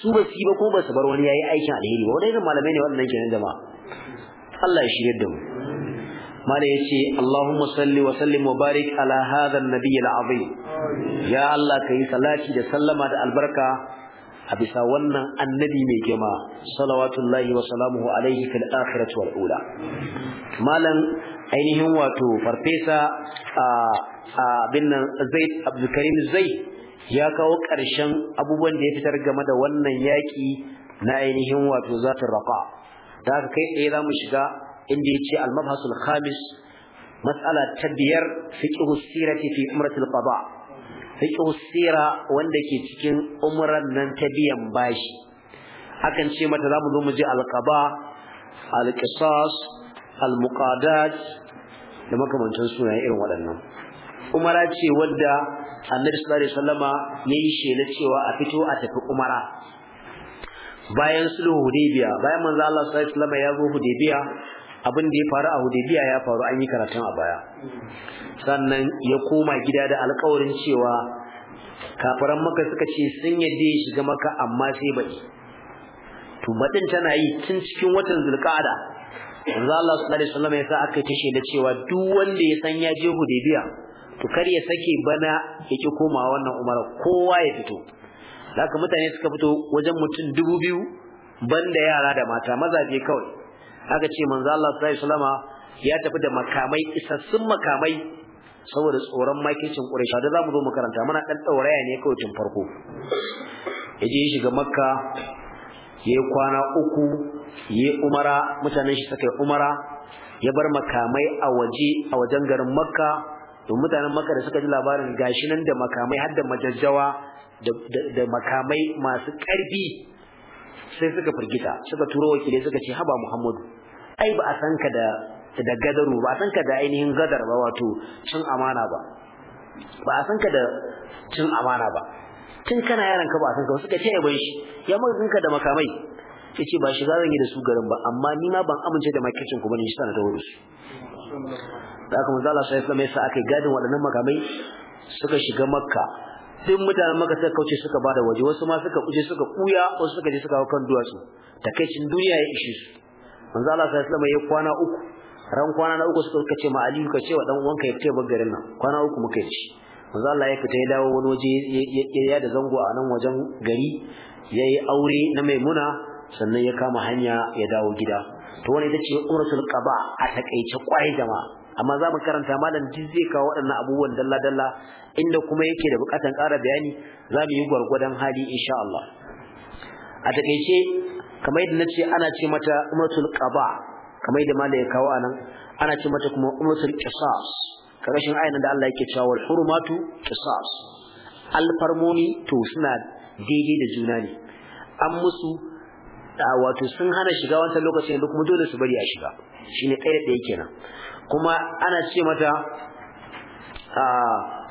su ba su ba kuma ba su bar wani yayi aikin alheri ba wani irin malamai ne waɗannan kenan jama'a Allah ya shirye da mu ya ce, Allahumma salli wa sallim wa barik ala hadha an-nabiy al-azim ya Allah kai salati da sallama da albarka a bisa wannan annabi mai girma salawatullahi wa salamuhu alayhi fil akhirati wal ula Malam ainihin wato farfesa a abin nan Zaid Abdul Karim Zaid ya kawo ƙarshen abubuwan da ya fitar game da wannan yaƙi na ainihin wato zatul raqa da aka kai tsaye mu shiga inda yace al-mabhasul khamis mas'ala ta biyar fiqhu sirati fi umratil qada fiqhu sira wanda ke cikin umran nan ta biyan bashi akan ce mata zamu zo mu ji al-qada al-qisas al-muqadat da makamantan suna irin waɗannan umara ce wanda annabi sallallahu alaihi wasallama yayi shela cewa a fito a tafi umara bayan sulhu hudaybiya bayan manzo Allah sallallahu alaihi wasallama ya zo hudaybiya abin da ya faru a Hudaybiya ya faru an yi karatun a baya sannan ya koma gida da alkawarin cewa kafaran maka suka ce sun yadda ya shiga maka amma sai baɗi to baɗin tana yi tun cikin watan zulƙada yanzu Allah sallallahu alaihi wasallam ya sa aka ta shaida cewa duk wanda ya san ya je Hudaybiya to kar ya sake bana yake koma wannan umara kowa ya fito haka mutane suka fito wajen mutum dubu biyu banda yara da mata mazaje kawai aka ce manzo Allah sallallahu alaihi ya tafi da makamai isassun makamai saboda tsoron makicin Quraysh da zamu zo mu muna dan dauraya ne kawai tun farko yaje shi shiga Makka yayi kwana uku yayi umara mutanen shi suka yi umara ya bar makamai a waje a wajen garin Makka to mutanen Makka da suka ji labarin gashi nan da makamai har da majajjawa da makamai masu karfi sai suka firgita suka turo wakilai suka ce haba Muhammadu ai ba a san ka da da gadaru ba a san ka da ainihin gadar ba wato cin amana ba ba a san ka da cin amana ba tun kana yaran ka ba a san ka ba suka ce ya ban shi ya mun ka da makamai ce ba shiga zan yi da su garin ba amma ni ma ban amince da makicin ku bane shi sana da wurin su da aka manzo Allah sai alaihi sa aka gadin waɗannan makamai suka shiga makka duk mutanen makka suka kauce suka bada waje wasu ma suka kuje suka kuya wasu suka je suka hawo kan duwatsu takaicin duniya ya ishe su manzo Allah sai alaihi kwana uku ran kwana na uku suka ce ma Ali ka wa dan uwanka ya fita bar garin nan kwana uku muka yi manzo Allah ya fita ya dawo wani waje ya da zango a nan wajen gari yayi aure na Maimuna sannan ya kama hanya ya dawo gida to wani ita ce qaba a takeice kwai jama'a amma za mu karanta malam duk zai kawo waɗannan abubuwan dalla dalla inda kuma yake da bukatan ƙara bayani za mu yi gwargwadon hali insha Allah a takeice kamar yadda nace ana ce mata umratul qaba kamar yadda malai ya kawo anan ana ce mata kuma umratul qisas karashin ayin da Allah yake cewa wal hurumatu qisas alfarmoni to suna daidai da juna ne an musu wato sun hana shiga wancan lokacin da kuma dole su bari a shiga shine kai da yake nan kuma ana ce mata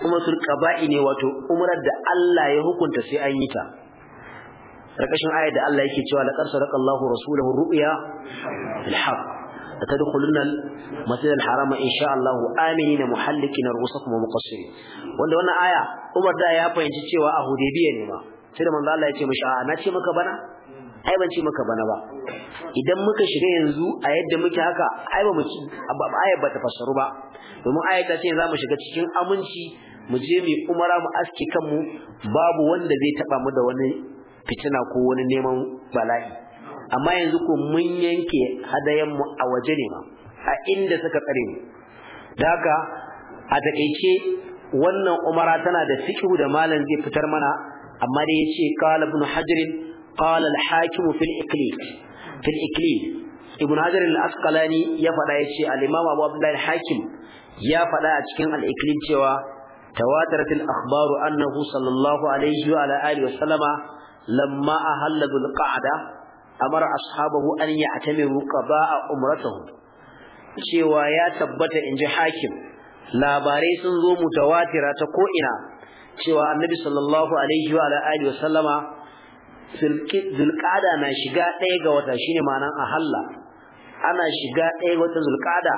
umratul qaba'i ne wato umrar da Allah ya hukunta sai an yi ta rakashin ayar da Allah yake cewa laqad sadaqallahu rasulahu ru'ya bil haqq تدخلن المسجد الحرام ان شاء الله امنين محلقين رؤوسكم ومقصرين wanda wannan aya Umar da ya fahimci cewa a Hudaybiya ne ma sai da manzo Allah ya ce mishi a na ce maka bana ai ban ce maka bana ba idan muka shiga yanzu a yadda muke haka ai ba mu ci aya ba ta fassaru ba domin aya ta ce za mu shiga cikin aminci mu je mu umara mu aski kanmu babu wanda zai taba mu da wani fitina ko wani neman bala'i amma yanzu ko mun yanke hadayen mu a waje ne ma a inda suka tsare mu da haka a takeice wannan umara tana da fiqhu da malam zai fitar mana amma dai yace qala ibn hajar qala al-hakim fil iqlid fil iqlid ibn hajar al-asqalani ya faɗa yace al-imam abu abdullah al-hakim ya faɗa a cikin al-iqlid cewa تواترت الأخبار أنه صلى الله عليه وعلى lamma ahalla bil qa'da amara ashabahu an ya'tamiru qada'a umratahu cewa ya tabbata ji hakim labarai sun zo mutawatira ta ko ina cewa annabi sallallahu alaihi na shiga ɗaya ga wata shine ma'anan ahalla ana shiga ɗaya ga wata zulqada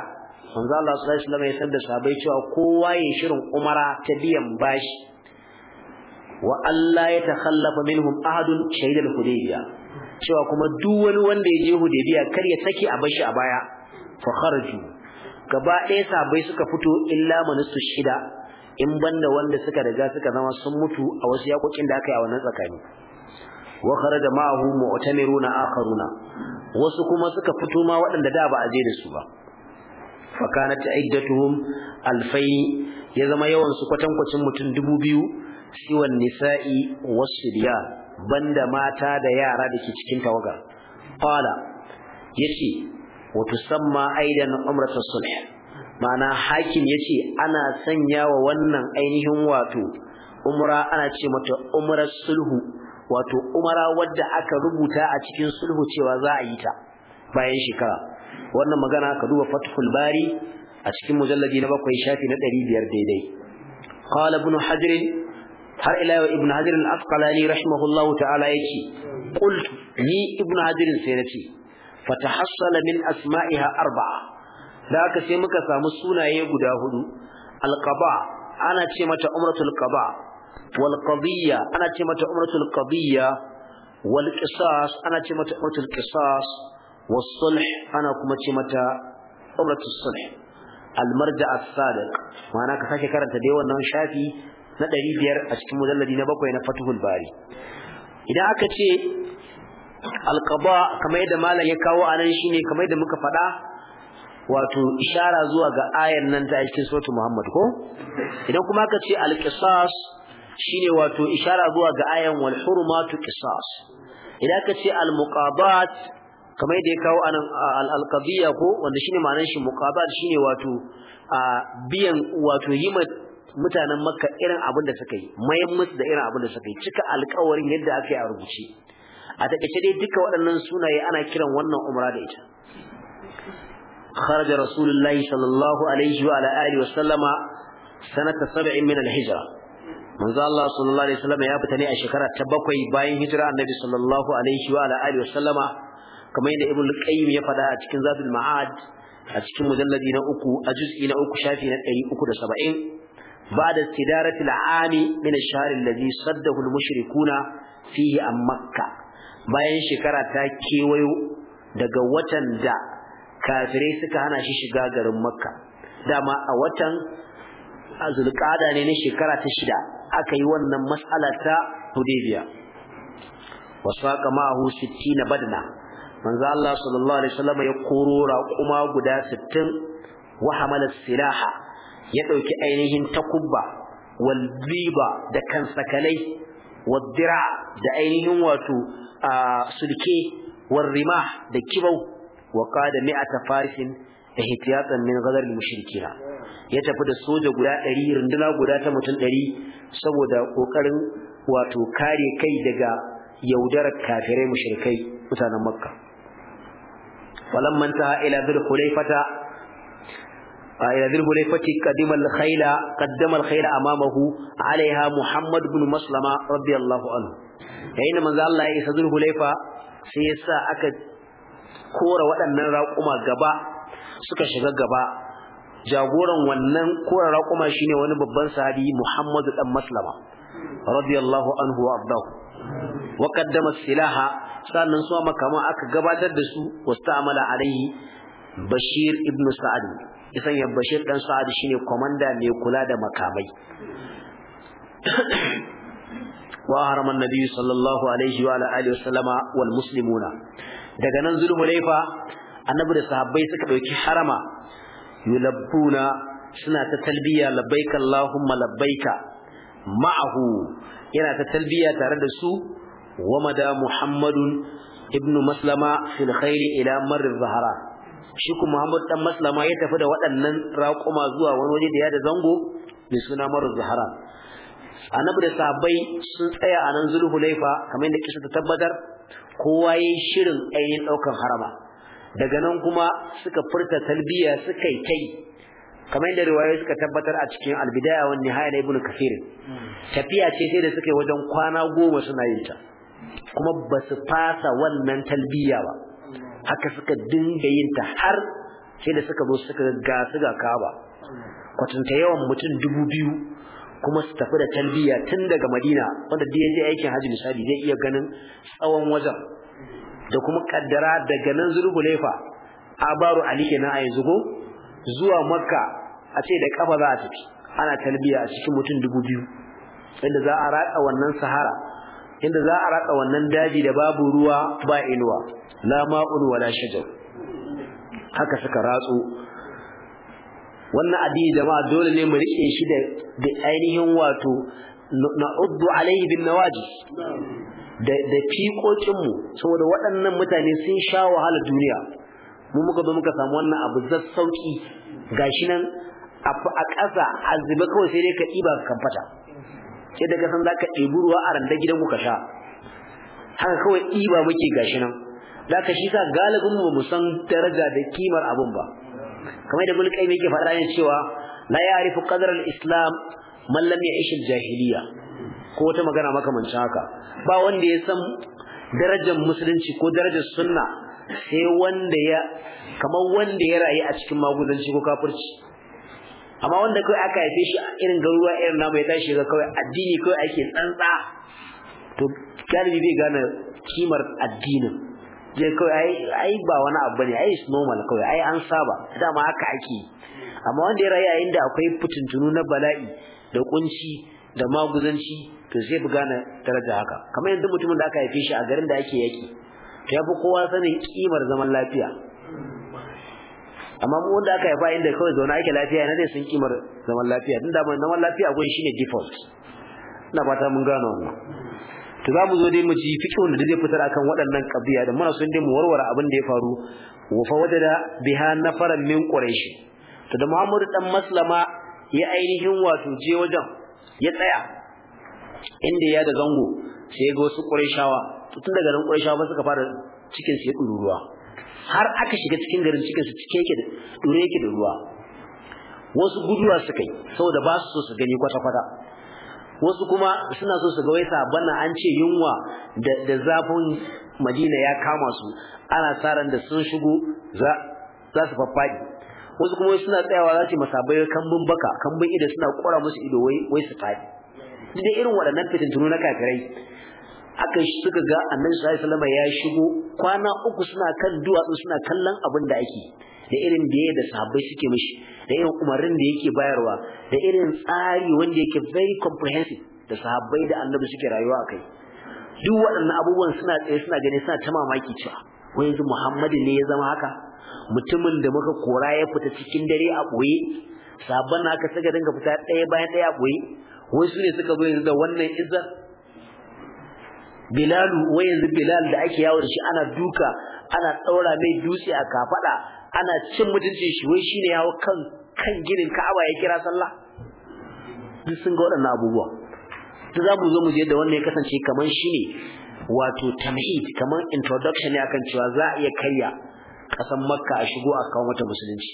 manzo Allah sallallahu alaihi wa sallam ya sabbata sahabbai cewa kowa ya shirin umara ta biyan bashi wa Allah ya takhallafa minhum ahadun shahid al hudaybiyya cewa kuma duk wani wanda ya je kar ya saki a bashi a baya fa kharaju gaba ɗaya sabai suka fito illa manasu shida in banda wanda suka riga suka zama sun mutu a wasu yakokin da aka yi a wannan tsakani wa kharaja ma'ahu mu'tamiruna akharuna wasu kuma suka fito ma waɗanda da ba a je da su ba fa kanat iddatuhum alfai ya zama yawan su kwatankwacin mutum dubu biyu siwan nisa'i wasriya banda mata da yara da ke cikin tawaga qala yace wa tusamma aidan umratu sulh ma'ana hakim yace ana sanya wa wannan ainihin wato umra ana ce mata umarar sulhu wato umara wadda aka rubuta a cikin sulhu cewa za a yi ta bayan shekara wannan magana ka duba fathul bari a cikin mujalladi na bakwai shafi na biyar daidai qala ibn hajr har ila yau ibnu hajar al-asqalani rahimahullahu ta'ala yake qultu ni ibnu hajar sai nace fatahassala min asma'iha arba'a da aka sai muka samu sunaye guda hudu al-qaba ana ce mata umratul qaba wal qadiyya ana ce mata umratul qadiyya wal qisas ana ce mata umratul qisas was sulh ana kuma ce mata umratul sulh al-marja' as-sadiq ma'ana ka sake karanta dai wannan shafi na ɗari biyar a cikin mujalladi na bakwai na Fathul Bari idan aka ce alƙaba kamar yadda malam ya kawo anan shine kamar yadda muka faɗa wato ishara zuwa ga ayar nan ta cikin suratul Muhammad ko idan kuma aka ce alqisas shine wato ishara zuwa ga ayan wal hurumatu qisas idan aka ce al muqabat kamar yadda ya kawo anan al-qadiyya ko wanda shine ma'anar shi muqabat shine wato biyan wato yima mutanen makka irin abin da suka yi mayan musu da irin abin da suka yi cika alkawarin yadda aka yi a rubuce a takaice dai duka waɗannan sunaye ana kiran wannan umra da ita kharaja rasulullahi sallallahu alaihi wa ala sanata sab'in min al-hijra sallallahu alaihi wa sallama ya fita ne a shekara ta bakwai bayan hijira annabi sallallahu alaihi wa ala kamar yadda ibnu qayyim ya fada a cikin zadul ma'ad a cikin mujalladi na uku a juz'i na uku shafi na 370 بعد استدارة العام من الشهر الذي صده المشركون فيه عن مكة bayan shekara ta kewayo daga watan da kafirai suka hana shi shiga garin makka dama a watan azulqada ne na shekara ta shida aka yi wannan mas'ala ta hudaybiya wasaqa ma'ahu 60 badna manzo Allah sallallahu alaihi wasallam ya koro raquma guda 60 wa hamala silaha ya ɗauki ainihin takubba wal da kansakalai wad dira da ainihin wato sulke warrima rimah da kibau wa qada mi'ata farisin ihtiyatan min ghadar mushrikina ya tafi da soja guda 100 runduna guda ta mutum 100 saboda kokarin wato kare kai daga yaudarar kafirai mushrikai mutanen makka falamman ta ila dhul khulaifata A ذي الحليفة قدم الخيل قدم الخيل أمامه عليها محمد بن مسلمة رضي الله عنه yayin manzo Allah ya isa Zulhulaifa sai ya sa aka kora waɗannan raƙuma gaba suka shiga gaba jagoran wannan kora raƙuma shine wani babban sahabi Muhammadu dan Maslama radiyallahu anhu wa ardahu wa qaddama silaha sannan su makama aka gabatar da su wastamala alaihi Bashir ibn Sa'ad isan ya bashir dan sa'ad shine komanda mai kula da makamai (coughs) wa harama annabi sallallahu alaihi wa alihi wasallama wal muslimuna daga nan laifa, annabi da sahabbai suka dauki harama yulabbuna suna ta talbiya labbaik allahumma labbaika ma'ahu yana ta talbiya tare da su wa madamu muhammadun ibnu maslama fil khairi ila marri zahara shi kuma Muhammad dan Maslama ya tafi da waɗannan raƙuma zuwa wani waje da ya da zango mai suna Maru Zahara Annabi da sahabbai sun tsaya a nan Zulhulaifa kamar yadda kisa ta tabbatar kowa yayi shirin ainihin ɗaukar harama daga nan kuma suka furta talbiya suka yi kai kamar yadda riwaya suka tabbatar a cikin albidaya wa nihaya da ibnu kafir tafiya ce sai da suka yi wajen kwana goma suna yin ta kuma ba su fasa wannan talbiya ba haka suka dinga yin ta har sai da suka zo suka ga suka kaba kwatanta yawan mutum dubu biyu kuma su tafi da talbiya tun daga madina wanda da ya je aikin hajji misali zai iya ganin tsawon wajen da kuma kaddara daga nan zulhulaifa abaru ali kenan a yanzu go zuwa makka a ce da kafa za a tafi ana talbiya a cikin mutum dubu biyu inda za a ratsa wannan sahara inda za a ratsa wannan daji da babu ruwa ba inuwa la ma'un wala shajar haka suka ratsu wannan addini jama'a dole ne mu rike shi da da ainihin wato na'uddu alaihi bin nawaji da da mu saboda waɗannan mutane sun sha wahala duniya mu muka zo muka samu wannan abu zassauki gashi nan a ƙasa azube kawai sai dai ka ɗiba ka kamfata sai daga san za ka ɗebi ruwa a randa gidan ku ka sha haka kawai ɗiba muke gashi nan da ka shi sa galibin mu mu san daraja da kimar abun ba kamar da bulkai mai yake faɗa yin cewa la ya'rifu qadra al-islam man lam ya'ish al-jahiliya ko wata magana makamancin haka ba wanda ya san darajar musulunci ko darajar sunna sai wanda ya kamar wanda ya rayu a cikin maguzanci ko kafirci amma wanda kawai aka haife shi a irin garuruwa irin namu ya tashi ga kawai addini kawai ake tsantsa to galibi bai gane kimar addinin je kawai ai ba wani abu ne ai is normal kawai ai an saba dama haka ake amma wanda ya rayu inda akwai fitintunu na bala'i da kunci da maguzanci to zai buga gane daraja haka kamar yanzu mutumin da aka haife shi a garin da ake yaki to ya fi kowa sanin kimar zaman lafiya amma mu wanda aka haifa inda kawai zaune ake lafiya yana ne sun kimar zaman lafiya tunda zaman lafiya gun shine default ina bata mun gane wannan to za mu zo dai mu ji fiqhun da zai fitar akan waɗannan kabiya da muna son dai mu warware abin da ya faru wa fa wajada biha nafaran min quraish to da Muhammad dan Maslama ya ainihin wato je wajen ya tsaya inda ya da zango sai ga wasu qurayshawa to tun daga nan qurayshawa suka fara cikin su ya ruwa har aka shiga cikin garin cikin su cike yake da dure yake da ruwa wasu guduwa suka yi saboda ba su so su gani kwata-kwata wasu kuma suna so su ga wai sabana an ce yunwa da zafin Madina ya kama su ana tsaran da sun shigo za su faffaɗi wasu kuma suna tsayawa za su masabai kambun baka kambun ido suna kora musu ido wai wai su fadi duk irin waɗannan fitintunu na kafirai aka suka ga annabi sallallahu alaihi ya shigo kwana uku suna kan duwatsu suna kallon abin da ake da irin ya da sabai suke mishi da irin umarnin da yake bayarwa da irin tsari wanda yake very comprehensive da sahabbai da annabi suke rayuwa a kai. duk waɗannan abubuwan suna tsaye suna gani suna ta mamaki cewa wai yanzu Muhammadu ne ya zama haka mutumin da muka kora ya fita cikin dare a ɓoye sabon na aka saka dinga fita ɗaya bayan ɗaya a ɓoye wai su ne suka zo yanzu da wannan izzar Bilalu wai yanzu Bilal da ake yawo da shi ana duka ana ɗaura mai dutse a kafaɗa ana cin mutunci shi wai shine yawo kan kan ginin Ka'aba ya kira sallah duk sun ga waɗannan abubuwa duk za mu zo mu je da wannan ya kasance kaman shine wato tamhid kaman introduction ne akan cewa za a iya karya kasan Makka a shigo a kawo mata musulunci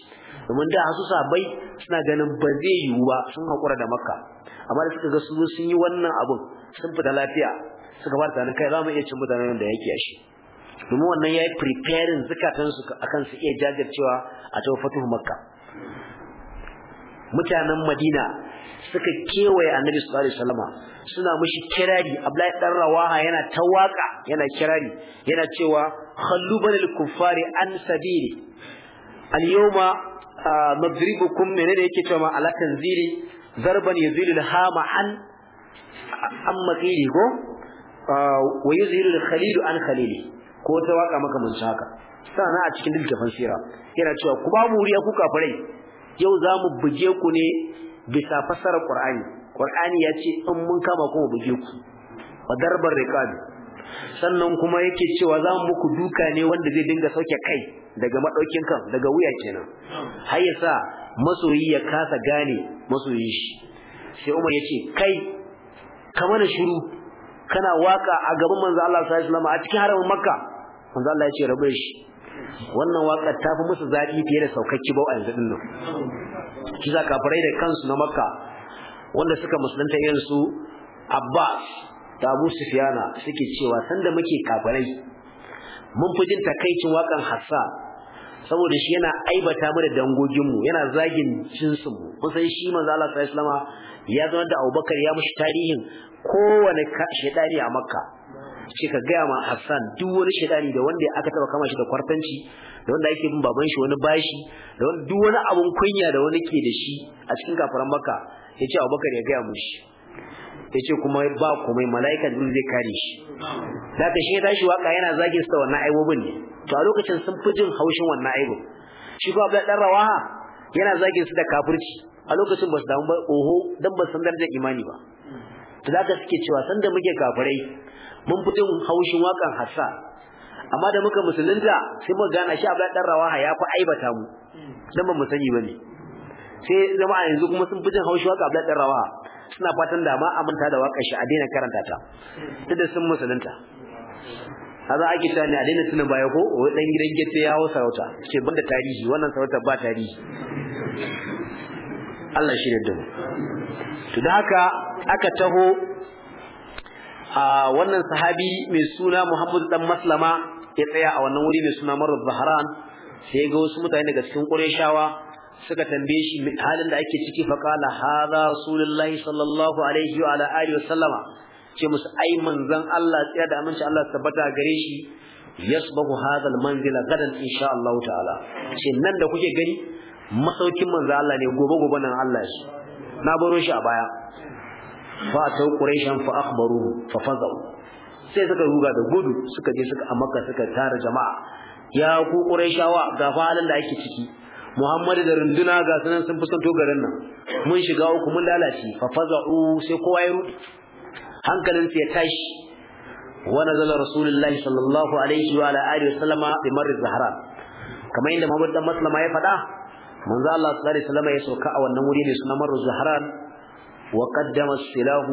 domin da su sabai suna ganin ba zai yiwu ba sun hakura da Makka amma da suka ga su sun yi wannan abun sun fita lafiya suka fara tunanin kai za mu iya cin mutanen da yake a shi domin wannan yi preparing zakatan su akan su iya jajircewa a cewa fatuhu makka mutanen madina suka kewaye annabi sallallahu alaihi wasallama suna mushi kirari abdullahi dan rawaha yana tawaka yana kirari yana cewa khallu banil kuffari an sabili al yawma madribukum ah, menene yake cewa ala tanzili zarban yazilul hama an amma qili ko ah, wa yuzhiru al khalil an khalili ko ta waka maka ci haka sana a cikin littafin sira yana cewa ku babu wuriya ku kafirai yau za mu buge ku ne bisa fasara qur'ani qur'ani ya ce in mun kama kuma buge ku wa darbar riqab sannan kuma yake cewa zamu mu muku duka ne wanda zai dinga sauke kai daga madaukin kan daga wuya kenan har yasa masoyi ya kasa gane masoyi shi sai Umar yace kai ka mana shiru kana waka a gaban manzo Allah sallallahu alaihi wasallam a cikin haramin Makka manzo Allah ya ce rabu shi wannan waka ta fi musu zaɓi fiye da saukakki bau a yanzu din nan shi za kafirai da kansu na makka wanda suka musulunta irin su abbas da abu sufyana suke cewa sanda muke kafirai mun fi jin takaicin wakan hassa saboda shi yana aibata mu da dangoginmu yana zagin jinsinmu mun san shi manzo Allah sallallahu alaihi ya zama da Abubakar ya mushi tarihin kowane shedani a Makka shi ka gaya ma Hassan duk wani shaidani da wanda aka taba kama shi da kwartanci da wanda yake bin baban shi wani bashi da wani duk wani abun kunya da wani ke da shi a cikin kafaran Makka yace Abubakar ya gaya mushi yace kuma ba komai malaika din zai kare shi da ka shi tashi waka yana zage su wannan aibobin ne to a lokacin sun fi jin haushin wannan aibo shi ko Abdul dan Rawaha yana zage su da kafirci a lokacin ba su damu ba oho dan ba san darajar imani ba to da suke cewa sanda muke kafirai mun fi jin haushin wakan hassa amma da muka musulunta sai muka gana shi abla dan Rawaha ya ku aibata mu dan ba mu sani bane sai zama a yanzu kuma sun fi jin haushin wakan abla dan Rawaha suna fatan da ma aminta da wakan shi a daina karanta ta duk da sun musulunta haza ake ta ne a daina tunan baya ko wai dan gidan gete ya hawo sarauta ke banda tarihi wannan sarauta ba tarihi Allah shi da to da haka aka taho a wannan sahabi mai suna Muhammad dan Maslama ya tsaya a wannan wuri mai suna Marwa Zahran sai ga wasu mutane daga cikin Qurayshawa suka tambaye shi halin da ake ciki fa qala hadha rasulullahi sallallahu alaihi wa ala alihi wasallama ce musu ai manzon Allah tsaya da aminci Allah tabbata gare shi yasbahu hadha almanzila gadan insha Allah ta'ala ce nan da kuke gani masaukin manzon Allah ne gobe gobe nan Allah shi na baro shi a baya fa atau quraishan fa akhbaruhu fa fazau sai suka ruga da gudu suka je suka a makka suka tara jama'a ya ku quraishawa ga halin da ake ciki Muhammadu da runduna ga sunan sun fusanto garin nan mun shiga uku mun lalace fa fazau sai kowa ya Hankalin hankalinsa ya tashi wa nazala rasulullahi sallallahu alaihi wa ala alihi wasallama bi marri Zahra. kamar yadda Muhammad dan Maslama ya faɗa manzo Allah sallallahu alaihi wasallam ya sauka a wannan wuri ne sunan Marru zahra وقدم السلاح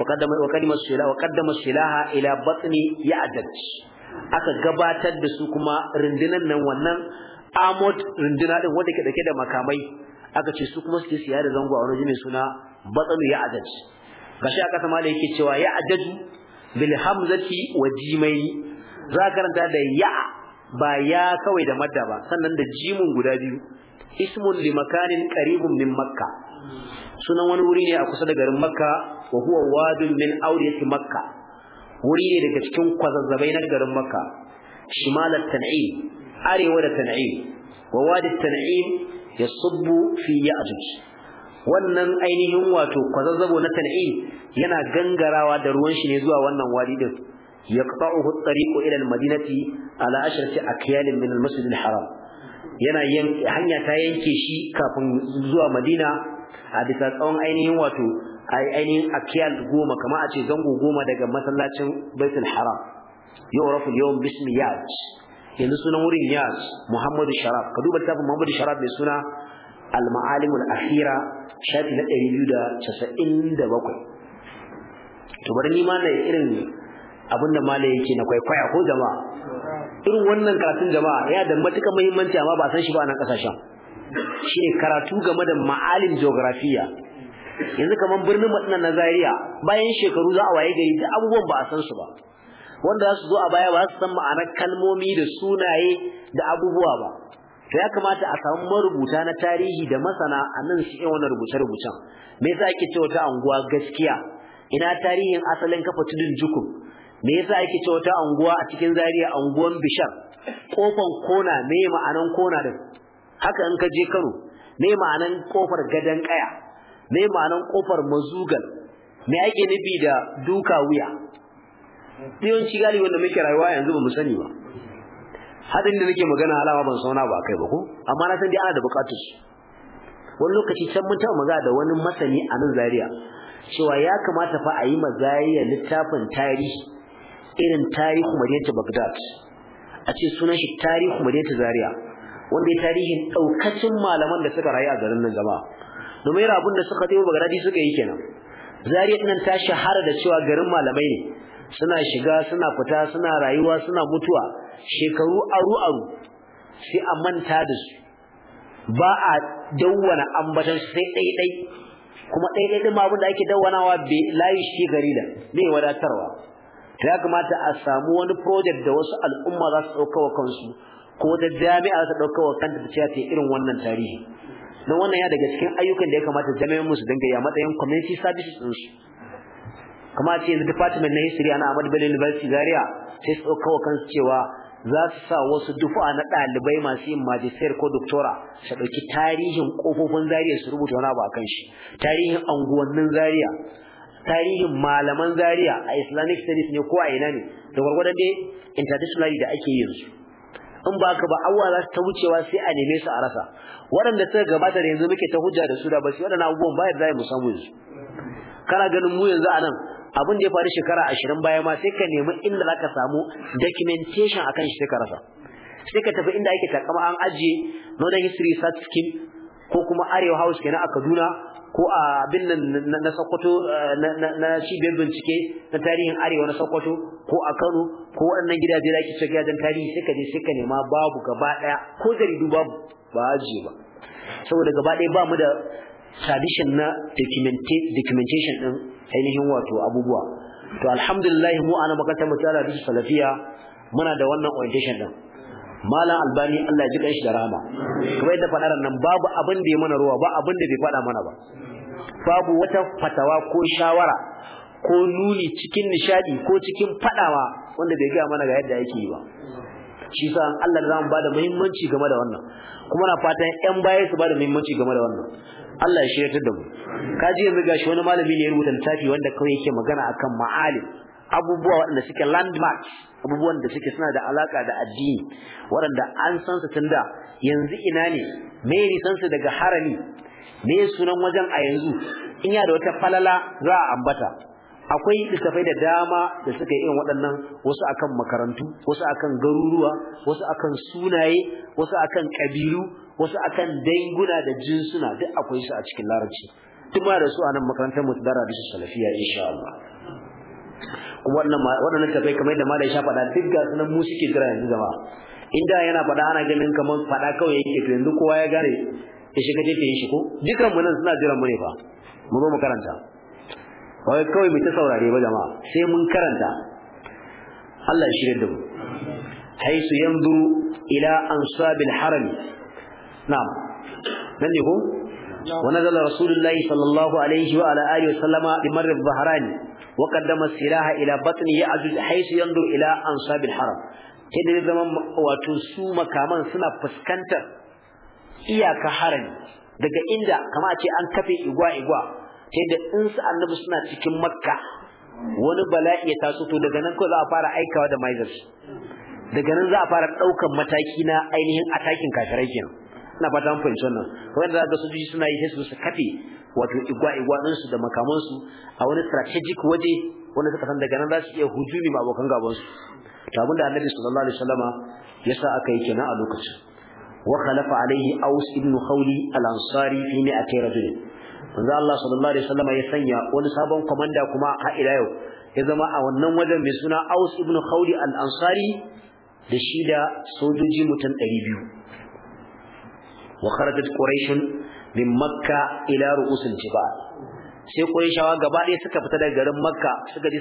وقدم وقدم السلاح وقدم السلاح الى بطن يعدج aka gabatar da su kuma rundunan nan wannan amod runduna din wanda ke dake da makamai aka ce su kuma suke siya da zango a wani mai suna batsalu ya ajaji gashi aka sama da yake cewa ya ajaji bil hamzati wa jimai za ka karanta da ya ba ya kawai da madda ba sannan da jimun guda biyu ismun li makanin qaribun min makka sunan wani wuri ne a kusa da garin makka wa huwa wadun min awdiyat makka wuri ne daga cikin kwazazzabai na garin makka shimalat tan'im arewa da tan'im wa wadi tan'im yasubbu fi ya'juj wannan ainihin wato kwazazzabo na tan'im yana gangarawa da ruwan shi ne zuwa wannan wadi din yaqta'uhu at-tariqu ila al-madinati ala ashrati akyalin min al-masjid al-haram yana hanya ta yanke shi kafin zuwa Madina a bisa tsawon ainihin wato ainihin akiyal goma kama a ce zango goma daga masallacin Baitul Haram yu'rafu al-yawm bismi Yaj yanzu sunan wurin Yaj Muhammadu Sharaf ka duba littafin Muhammadu Sharaf mai suna al-ma'alim al-akhira shafi na 297 to bari ni ma na irin abinda malai yake na kwaikwaya ko jama'a irin wannan karatun jama'a ya da matuƙar muhimmanci amma ba san shi ba a nan kasashen ne karatu game da ma'alim geografiya yanzu kamar birnin Madina na Zaria bayan shekaru za a waye gari da abubuwan ba a san su ba wanda za su zo a baya ba su san ma'anar kalmomi da sunaye da abubuwa ba to ya kamata a samu marubuta na tarihi da masana a nan su yi wannan rubuce-rubucen me yasa ake cewa ta anguwa gaskiya ina tarihin asalin kafa tudun jukun? me yasa ake cewa wata anguwa a cikin Zariya, anguwan Bishar kofan kona me ma'anan kona din haka in ka je Kano me ma'anan kofar gadan kaya me ma'anan kofar mazugal me ake nufi da duka wuya yawanci galibi wanda muke rayuwa yanzu ba mu sani ba hadin da nake magana alama ban sauna ba kai ba ko amma na san dai ana da bukatar su wani lokaci can mun taɓa magana da wani masani a nan Zariya. cewa ya kamata fa a yi mazariya littafin tarihi irin tarihu madinatu Baghdad a ce sunan shi tarihu madinatu Zaria wanda ya tarihin daukacin malaman da suka rayu a garin nan gaba, domin irin abin da suka tafi Baghdad suka yi kenan Zaria din ta shahara da cewa garin malamai ne suna shiga suna fita suna rayuwa suna mutuwa shekaru aru aru sai a manta da su ba a dawwana ambatan sai daidai kuma daidai din ma abin da ake dawwanawa bai layi shi gari da bai wadatarwa ya kamata a samu wani project da wasu al'umma za su dauka wa kansu ko wata jami'a za ta dauka wa kanta ta ce irin wannan tarihi na wannan ya daga cikin ayyukan da ya kamata jami'an musu dinga ya matsayin community services din su Kamar ce yanzu department na history ana Ahmad Bello University Zaria sai su dauka wa kansu cewa za su sa wasu dufa na ɗalibai masu yin majistar ko doctora su ɗauki tarihin ƙofofin Zaria su rubuta wani abu a kan shi tarihin anguwannin Zaria. tarihin malaman Zariya a Islamic studies ne ko a ina ne da gwargwadon dai internationally da ake yin su in ba ka ba awa za su ta wucewa sai a neme su a rasa waɗanda suka gabata da yanzu muke ta hujja da su da ba su waɗannan abubuwan ba yadda za mu samu yanzu kana ganin mu yanzu a nan abin da ya faru shekara ashirin baya ma sai ka nemi inda za ka samu documentation akan shi sai ka rasa sai ka tafi inda ake takama an ajiye northern history scheme ko kuma arewa house kenan a kaduna ko a abin nan na Sokoto eh, na cibiyar bincike na tarihin arewa na Sokoto ko a Kano ko waɗannan gidaje da ake cewa gidajen tarihi suka je suka nema babu gaba ɗaya ko jaridu babu ba je ba saboda gaba ɗaya ba mu da tradition na documentation ɗin ainihin wato abubuwa to alhamdulillah mu ana makarantar mu da salafiya muna da wannan orientation ɗin malam albani Allah ya ji kanshi da rahama kuma yadda fadar nan babu abin da ya mana ruwa ba abin da bai fada mana ba babu wata fatawa ko shawara ko nuni cikin nishadi ko cikin fadawa wanda bai ga mana ga yadda yake yi ba shi sa Allah da zamu bada muhimmanci game da wannan kuma na fatan ƴan baya su bada muhimmanci game da wannan Allah ya shirya da mu kaji yanzu gashi wani malami ne ya rubuta littafi wanda kawai yake magana akan ma'alim abubuwa waɗanda suke landmark abubuwan da suke suna da alaka da addini waɗanda an san su da yanzu ina ne me nisan su daga harami me sunan wajen a yanzu in ya da wata falala za a ambata akwai littafai da dama da suka yi irin waɗannan wasu akan makarantu wasu akan garuruwa wasu akan sunaye wasu akan kabilu wasu akan danguna da jinsuna duk akwai su a cikin larabci duk ma da su a nan makarantar mu da su salafiya insha Allah wannan waɗannan tafai kamar yadda malai sha faɗa duk ga sunan mu suke jira yanzu jama'a inda yana faɗa ana ganin kamar faɗa kawai yake to yanzu kowa ya gane ya shiga jefe shi ko dukan mu nan suna jiran mu ne fa mu zo mu karanta wai kawai mu ta saurare ba jama'a sai mun karanta Allah ya shirya da mu haisu yanzuru ila ansabil harami na'am nan ne ko ونزل رسول الله صلى الله عليه وعلى آله وسلم بمر الظهراني وقدم السلاح إلى بطن يعجوج حيث ينظر إلى أنصاب الحرم تدري زمان وتسو مكامان سنة فسكنتر إياك حرم daga inda kama ce an kafe igwa igwa ta yadda in su annabi suna cikin makka wani bala'i ya taso to daga nan ko za a fara aikawa da maizar daga nan za a fara daukan mataki na ainihin atakin kafirai kenan ina fata an fahimci wannan kamar da ga sojoji suna yi su su kafe wato igwa igwa din su da makaman su a wani strategic waje wanda suka san daga nan za su iya hujumi ma abokan gaban su to abinda annabi sallallahu alaihi wasallama yasa aka yi kenan a lokacin wa khalafa alaihi aus ibn khawli al-ansari fi mi'ati rajul manzo Allah sallallahu alaihi wasallama ya sanya wani sabon komanda kuma a ila yau ya zama a wannan wajen mai suna aus ibn khawli al-ansari da shida sojoji mutum 200 wa kharajat quraish min makka ila ru'usil sai qurayshawa gaba ɗaya suka fita daga garin makka suka ji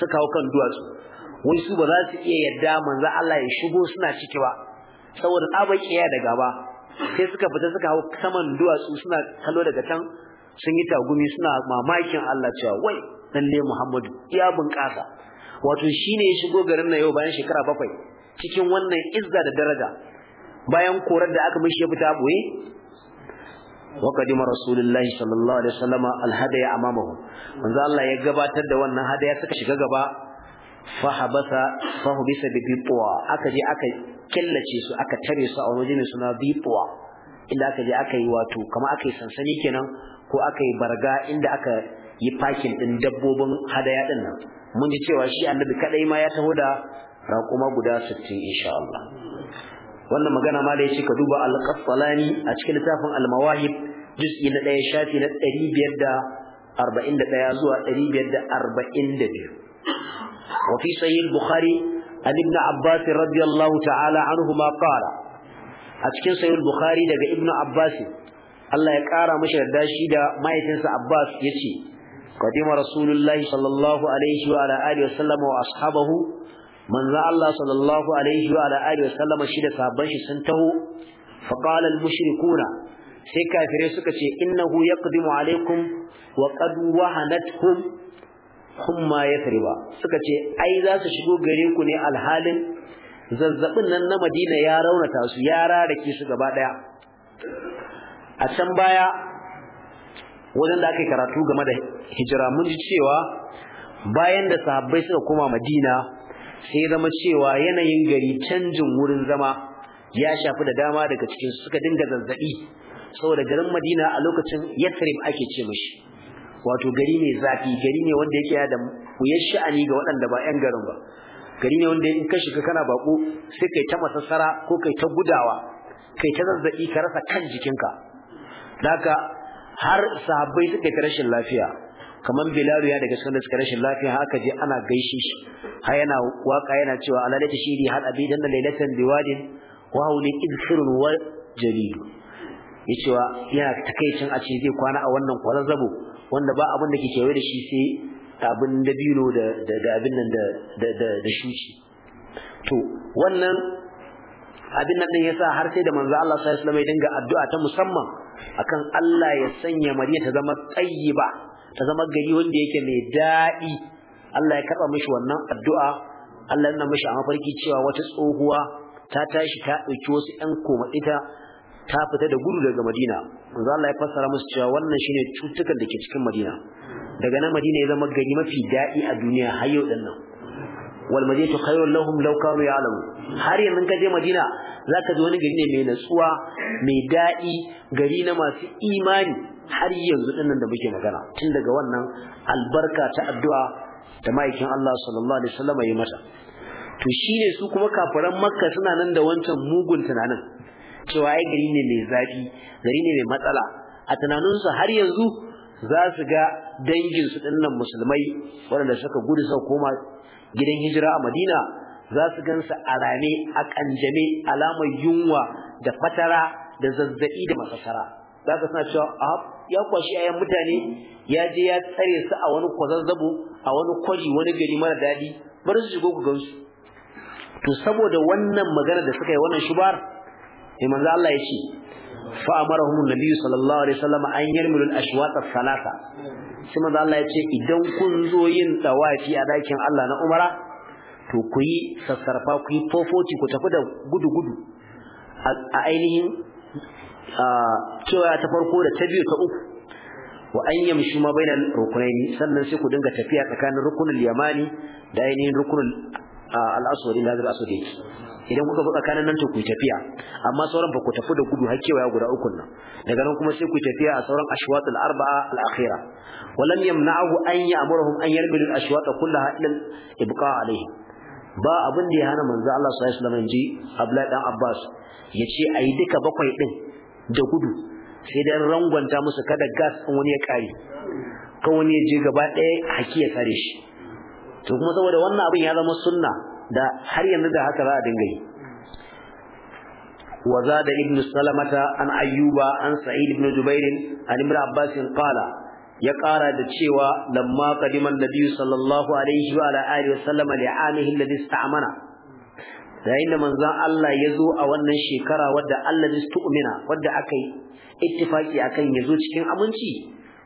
suka hawo kan duwatsu wai su ba za su iya yadda manzo Allah ya shigo suna ciki ba saboda tsabar kiyaye da gaba sai suka fita suka hawo saman duwatsu suna kallo daga can sun yi tagumi suna mamakin Allah cewa wai Muhammadu ya bunƙasa wato shine ya shigo garin na yau bayan shekara bakwai cikin wannan izza da daraja bayan korar da aka mishi ya fita boye wa kadima rasulullahi sallallahu alaihi wasallam alhadaya amamahu manzo Allah ya gabatar da wannan hadaya suka shiga gaba fa habasa fa hubisa bi biqwa aka je aka killace su aka tare su a wajen suna biqwa inda aka je aka yi wato kamar aka yi sansani kenan ko aka yi barga inda aka yi fakin din dabbobin hadaya din nan mun ji cewa shi annabi kadai ma ya taho da raƙuma guda 60 insha Allah wannan magana ma da yace ka duba al qasalani a cikin littafin al-Mawahib juz'i na 1 shafi na 541 zuwa 542 wa fi sahih al-Bukhari an ibn Abbas radiyallahu ta'ala anhuma qala a cikin sahih al-Bukhari daga ibn Abbas Allah ya kara mashi yarda shi da mahaifinsa Abbas yace قدم رسول الله صلى الله عليه وعلى آله وسلم وأصحابه manzo Allah sallallahu alaihi wa alihi wa shi da sahabban shi sun taho fa qala al mushrikuna sai kafirai suka ce innahu yaqdimu alaikum wa qad wahanatkum humma yathriba suka ce ai za su shigo gare ku ne alhalin zazzabin nan na Madina ya raunata su ya rarake su gaba daya a can baya wajen da aka karatu game da hijira mun ji cewa bayan da sahabbai suka koma Madina sai zama cewa yanayin gari canjin wurin zama ya shafi da dama daga cikin suka dinga zazzabi saboda garin Madina a lokacin Yathrib ake ce mashi. wato gari ne zafi gari ne wanda yake da wuyar sha'ani ga waɗanda ba 'yan garin ba gari ne wanda in ka shiga kana baƙo, sai kai ta masassara ko kai ta gudawa kai ta zazzabi ka rasa kan jikinka haka har sahabbai suka yi rashin lafiya kamar bilalu ya daga sunan suka rashin lafiya haka je ana gaishe shi ha yana waka yana cewa alalati shiri hal abidan da lailatan biwadin wa hawli idkhirun wa jalil yace wa yana takeicin a ce zai kwana a wannan kwarazabo wanda ba abin da ke kewaye da shi sai abin dabino da da abin nan da da da shuci to wannan abin nan ya har sai da manzo Allah sallallahu alaihi wasallam ya dinga addu'a ta musamman akan Allah ya sanya Mariya ta zama tayyiba ta zama gari wanda yake mai daɗi Allah ya karɓa mishi wannan addu'a Allah ya mishi a mafarki cewa wata tsohuwa ta tashi ta ɗauki wasu ƴan komaɗita ta fita da gudu daga Madina manzo Allah ya fassara musu cewa wannan shine cutukan da ke cikin Madina daga nan Madina ya zama gari mafi daɗi a duniya har yau ɗin nan wal madinatu khairul lahum law kanu ya'lamu har yanzu ka je madina zaka ji wani gari ne mai natsuwa mai dadi gari na masu imani har yanzu dinnan da muke magana tun daga wannan albarka ta addu'a da ma'aikin Allah sallallahu alaihi wasallam ya mata to shine su kuma kafiran makka suna nan da wancan mugun tunanin cewa ai gari ne mai zafi gari ne mai matsala a tunaninsu har yanzu za su ga danginsu dinnan musulmai waɗanda suka gudu suka koma gidan hijira a Madina za su gansa a rame a kanjame alamar yunwa da fatara da zazzaɓi da masasara zaka suna cewa a ya kwashi ayan mutane ya je ya tsare su a wani kwazazzabo a wani kwari wani gari mara daɗi. bar su shigo ku gansu to saboda wannan magana da suka yi wannan shubar sai manzo Allah ya ce fa amarahum annabi sallallahu alaihi wasallam an yi milin ashwat salata salasa maza Allah ya ce idan kun zo yin tawafi a dakin Allah na Umara to ku yi sassarfa ku yi fofoci ku tafi da gudu-gudu a ainihin cewa ta farko da ta biyu ta uku wa an mishi ma bainal rukunai sannan sai ku dinga tafiya tsakanin rukunin yamani da ainihin rukunin al-aswadi lazar idan kuka bi tsakanin nan to ku tafiya amma sauran ba ku tafi da gudu har kewaya guda uku nan daga nan kuma sai ku tafiya a sauran ashwatul arba'a al akhira walam yamna'u an ya'muruhum an yarmidu al ashwata kullaha ila ibqa alayhi ba abin da ya hana manzo Allah sallallahu alaihi wasallam ji Abdullahi dan Abbas yace ayi duka bakwai din da gudu sai dan rangwanta musu kada gas din wani ya kare kan wani ya je gaba ɗaya haki ya kare shi to kuma saboda wannan abin ya zama sunna da har yanzu da haka za a dinga yi وزاد ابن سلمة an أيوب an سعيد بن جبير عن ابن عباس qala ya ƙara da cewa lamma qadiman nabiyyu sallallahu alaihi wa ala alihi wa sallam li amihi alladhi ista'mana yayin da manzon Allah ya zo a wannan shekara wadda Allah ya tu'mina wadda akai ittifaki akan ya zo cikin aminci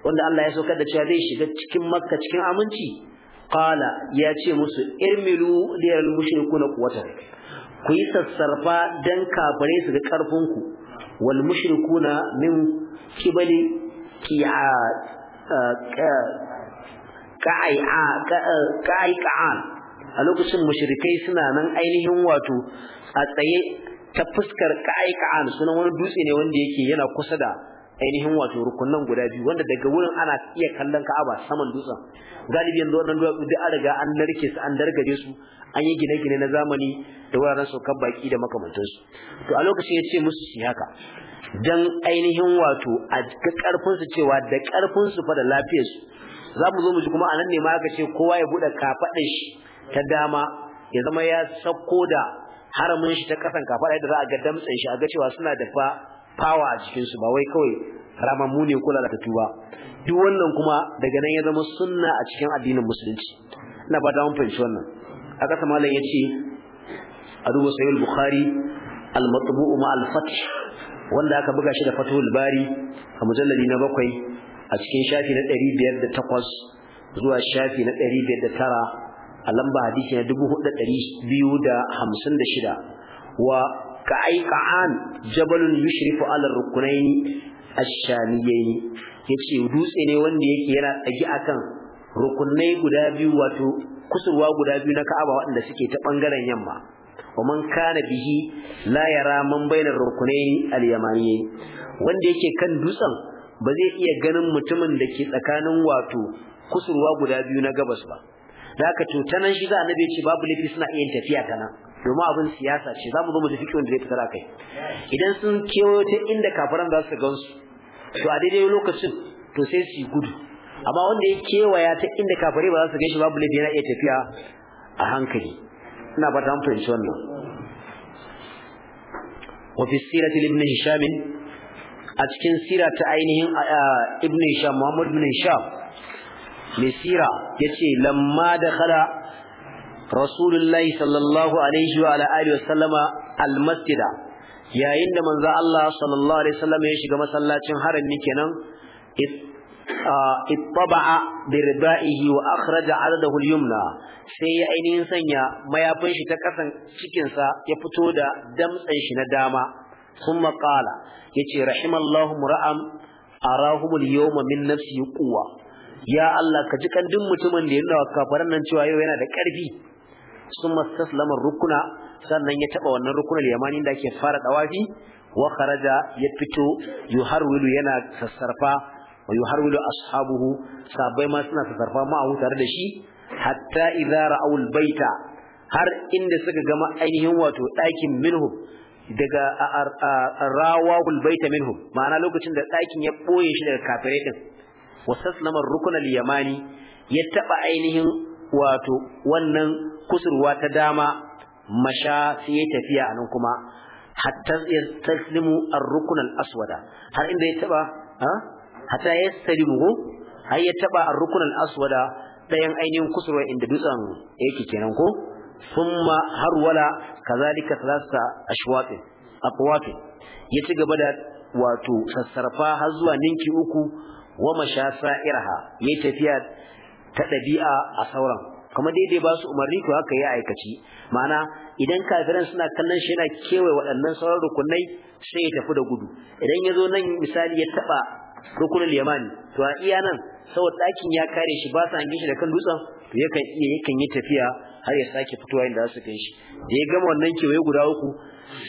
wanda Allah ya saukar da cewa zai shiga cikin Makka cikin aminci qala ya ce musu irmilu liyal mushrikuna quwwatan ku yi sassarfa dan kafare su ga karfin ku wal mushrikuna min kibali ki ka'i'a ka'i'an a lokacin mushrikai suna nan ainihin wato a tsaye ta fuskar ka'i'an sunan wani dutse ne wanda yake yana kusa da ainihin wato rukunan guda biyu wanda daga wurin ana iya kallon Ka'aba saman dutsen galibi yanzu wannan duwatsu duk an riga an narke su an dargaje su an yi gine-gine na zamani da wuraren saukar baki da makamantansu to a lokacin ya ce musu su haka dan ainihin wato a ga karfin su cewa da karfin su fa da lafiyar su za mu zo mu ji kuma anan ne ma aka ce kowa ya bude kafaɗar shi ta dama ya zama ya sako da haramin shi ta kasan kafaɗa da za a ga damtsen shi a ga cewa suna da fa fawa a cikin su ba wai kawai ramammu ne ko tatu ba duk wannan kuma daga nan ya zama sunna a cikin addinin musulunci ina ba da mun wannan a ƙasa malam yace a duba sahih bukhari al-matbu'u ma al-fath wanda aka buga shi da fathul bari a mujalladi na bakwai a cikin shafi na 508 zuwa shafi na 509 a lamba hadisi na 4256 wa ka aiqan jabalun yushrifu ala rukunain ash-shamiyain yace dutse ne wanda yake yana tsagi akan rukunai guda biyu wato kusurwa guda biyu na Ka'aba waɗanda suke ta bangaren yamma wa man kana bihi la yara man bainar rukunain al-yamaniyain wanda yake kan dutsen ba zai iya ganin mutumin da ke tsakanin wato kusurwa guda biyu na gabas ba da haka to tanan shi za annabi ce babu lafi suna iya tafiya ka nan domin abin siyasa ce za mu zo mu ji kiwon da zai fitar kai idan sun kewayo ta inda kafaran za su gansu to a daidai lokacin to sai su gudu amma wanda ya kewaya ta inda kafare ba za su ganshi babu laifi yana iya tafiya a hankali ina fata mun fahimci wannan wa fi sirati ibn hisham a cikin sira ta ainihin ibn hisham muhammad ibn hisham mai sira yace lamma da dakhala rasulullahi sallallahu alaihi wa alihi wasallama almasjida yayin da manzo Allah sallallahu alaihi wasallam ya shiga masallacin harami kenan uh, ittaba'a bi ridaihi wa akhraja adadahu al-yumna sai ya ainihin sanya mayafin shi ta kasan cikin sa ya fito da damtsan shi na dama thumma qala yace rahimallahu mura'am arahu al-yawma min nafsi quwwa ya Allah ka ji kan duk mutumin da yana kafaran nan cewa yau yana da karfi summa taslama rukuna sannan ya taba wannan rukunin yamani da ake fara dawafi wa kharaja ya fito yuharwilu yana sassarfa wa yuharwilu ashabuhu sabai ma suna sassarfa ma a tare da shi hatta idza ra'aw baita har inda suka gama ainihin wato ɗakin minhu daga rawa baita minhu ma'ana lokacin da ɗakin ya ɓoye shi daga kafirai din wa saslama rukun yamani ya taba ainihin wato wannan kusurwa ta dama masha sai ya tafiya anan kuma hatta taslimu ar-rukn al-aswada har inda ya taba ha hatta yastalimu har ya taba ar-rukn al-aswada dayan ainihin kusurwa inda dutsen yake kenan ko thumma har wala kazalika thalatha ashwati aqwati ya ci gaba da wato sassarfa har zuwa ninki uku wa masha sa'irha yayi tafiya ta ɗabi'a a sauran kamar daidai ba su umarni to haka ya aikaci ma'ana idan kafiran suna kallon shi yana kewaye waɗannan sauran rukunai sai ya tafi da gudu idan ya zo nan misali ya taɓa rukunin yamani to a iya nan saboda ɗakin ya kare shi ba su hange shi da kan dutsen to yakan iya yakan yi tafiya har ya sake fitowa inda za su kai shi da ya gama wannan kewaye guda uku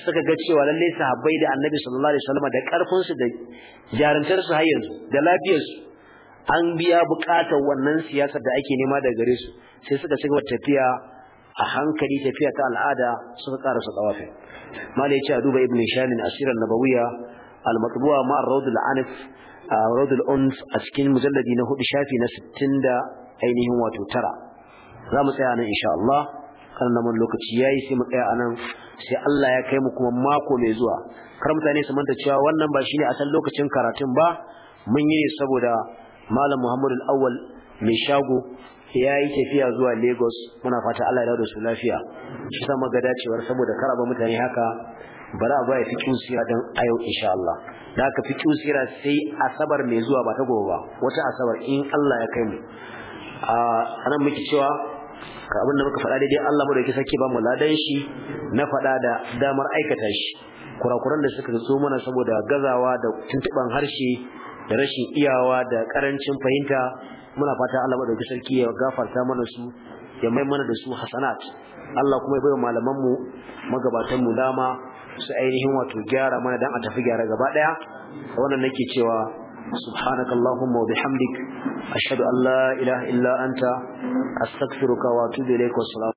suka ga cewa lallai sahabbai da annabi sallallahu alaihi wasallam da karfin su da jarantar har yanzu da lafiyarsu. an biya bukatar wannan siyasa da ake nema daga gare su sai suka shiga wata tafiya a hankali tafiya ta al'ada suka su tsawafi mala ya ce a duba ibn shamin asirar nabawiya al-matbuwa ma'ar rawdul anif rawdul uns a cikin mujalladi na hudu shafi na sittin da ainihin wato tara za mu tsaya nan insha Allah kan namun lokaci yayi sai mu tsaya anan sai Allah ya kai mu kuma mako mai zuwa kar mutane su manta cewa wannan ba shine asal lokacin karatun ba mun yi saboda malam muhammadu awwal mai shago ya yi tafiya zuwa lagos muna fata allah ya da su lafiya shi sama ga dacewar saboda ba mutane haka bara a baya fi sira don a yau insha allah da aka fi sira sai asabar mai zuwa ba ta gobe ba wata asabar in allah ya kai mu a nan muke cewa ka abin da muka faɗa daidai allah mu da yake sake ba mu ladan shi na faɗa da damar aikata shi kurakuran da suka zo mana saboda gazawa da tuntuɓan harshe da rashin iyawa da karancin fahimta muna fata Allah madaukakin sarki ya gafarta mana su ya mai mana da su hasanat Allah kuma ya bai malaman mu magabatan mu dama su ainihin wato gyara mana dan a tafi gyara gaba daya wannan nake cewa subhanakallahumma wa bihamdik ashhadu an la illa anta astaghfiruka wa atubu ilaik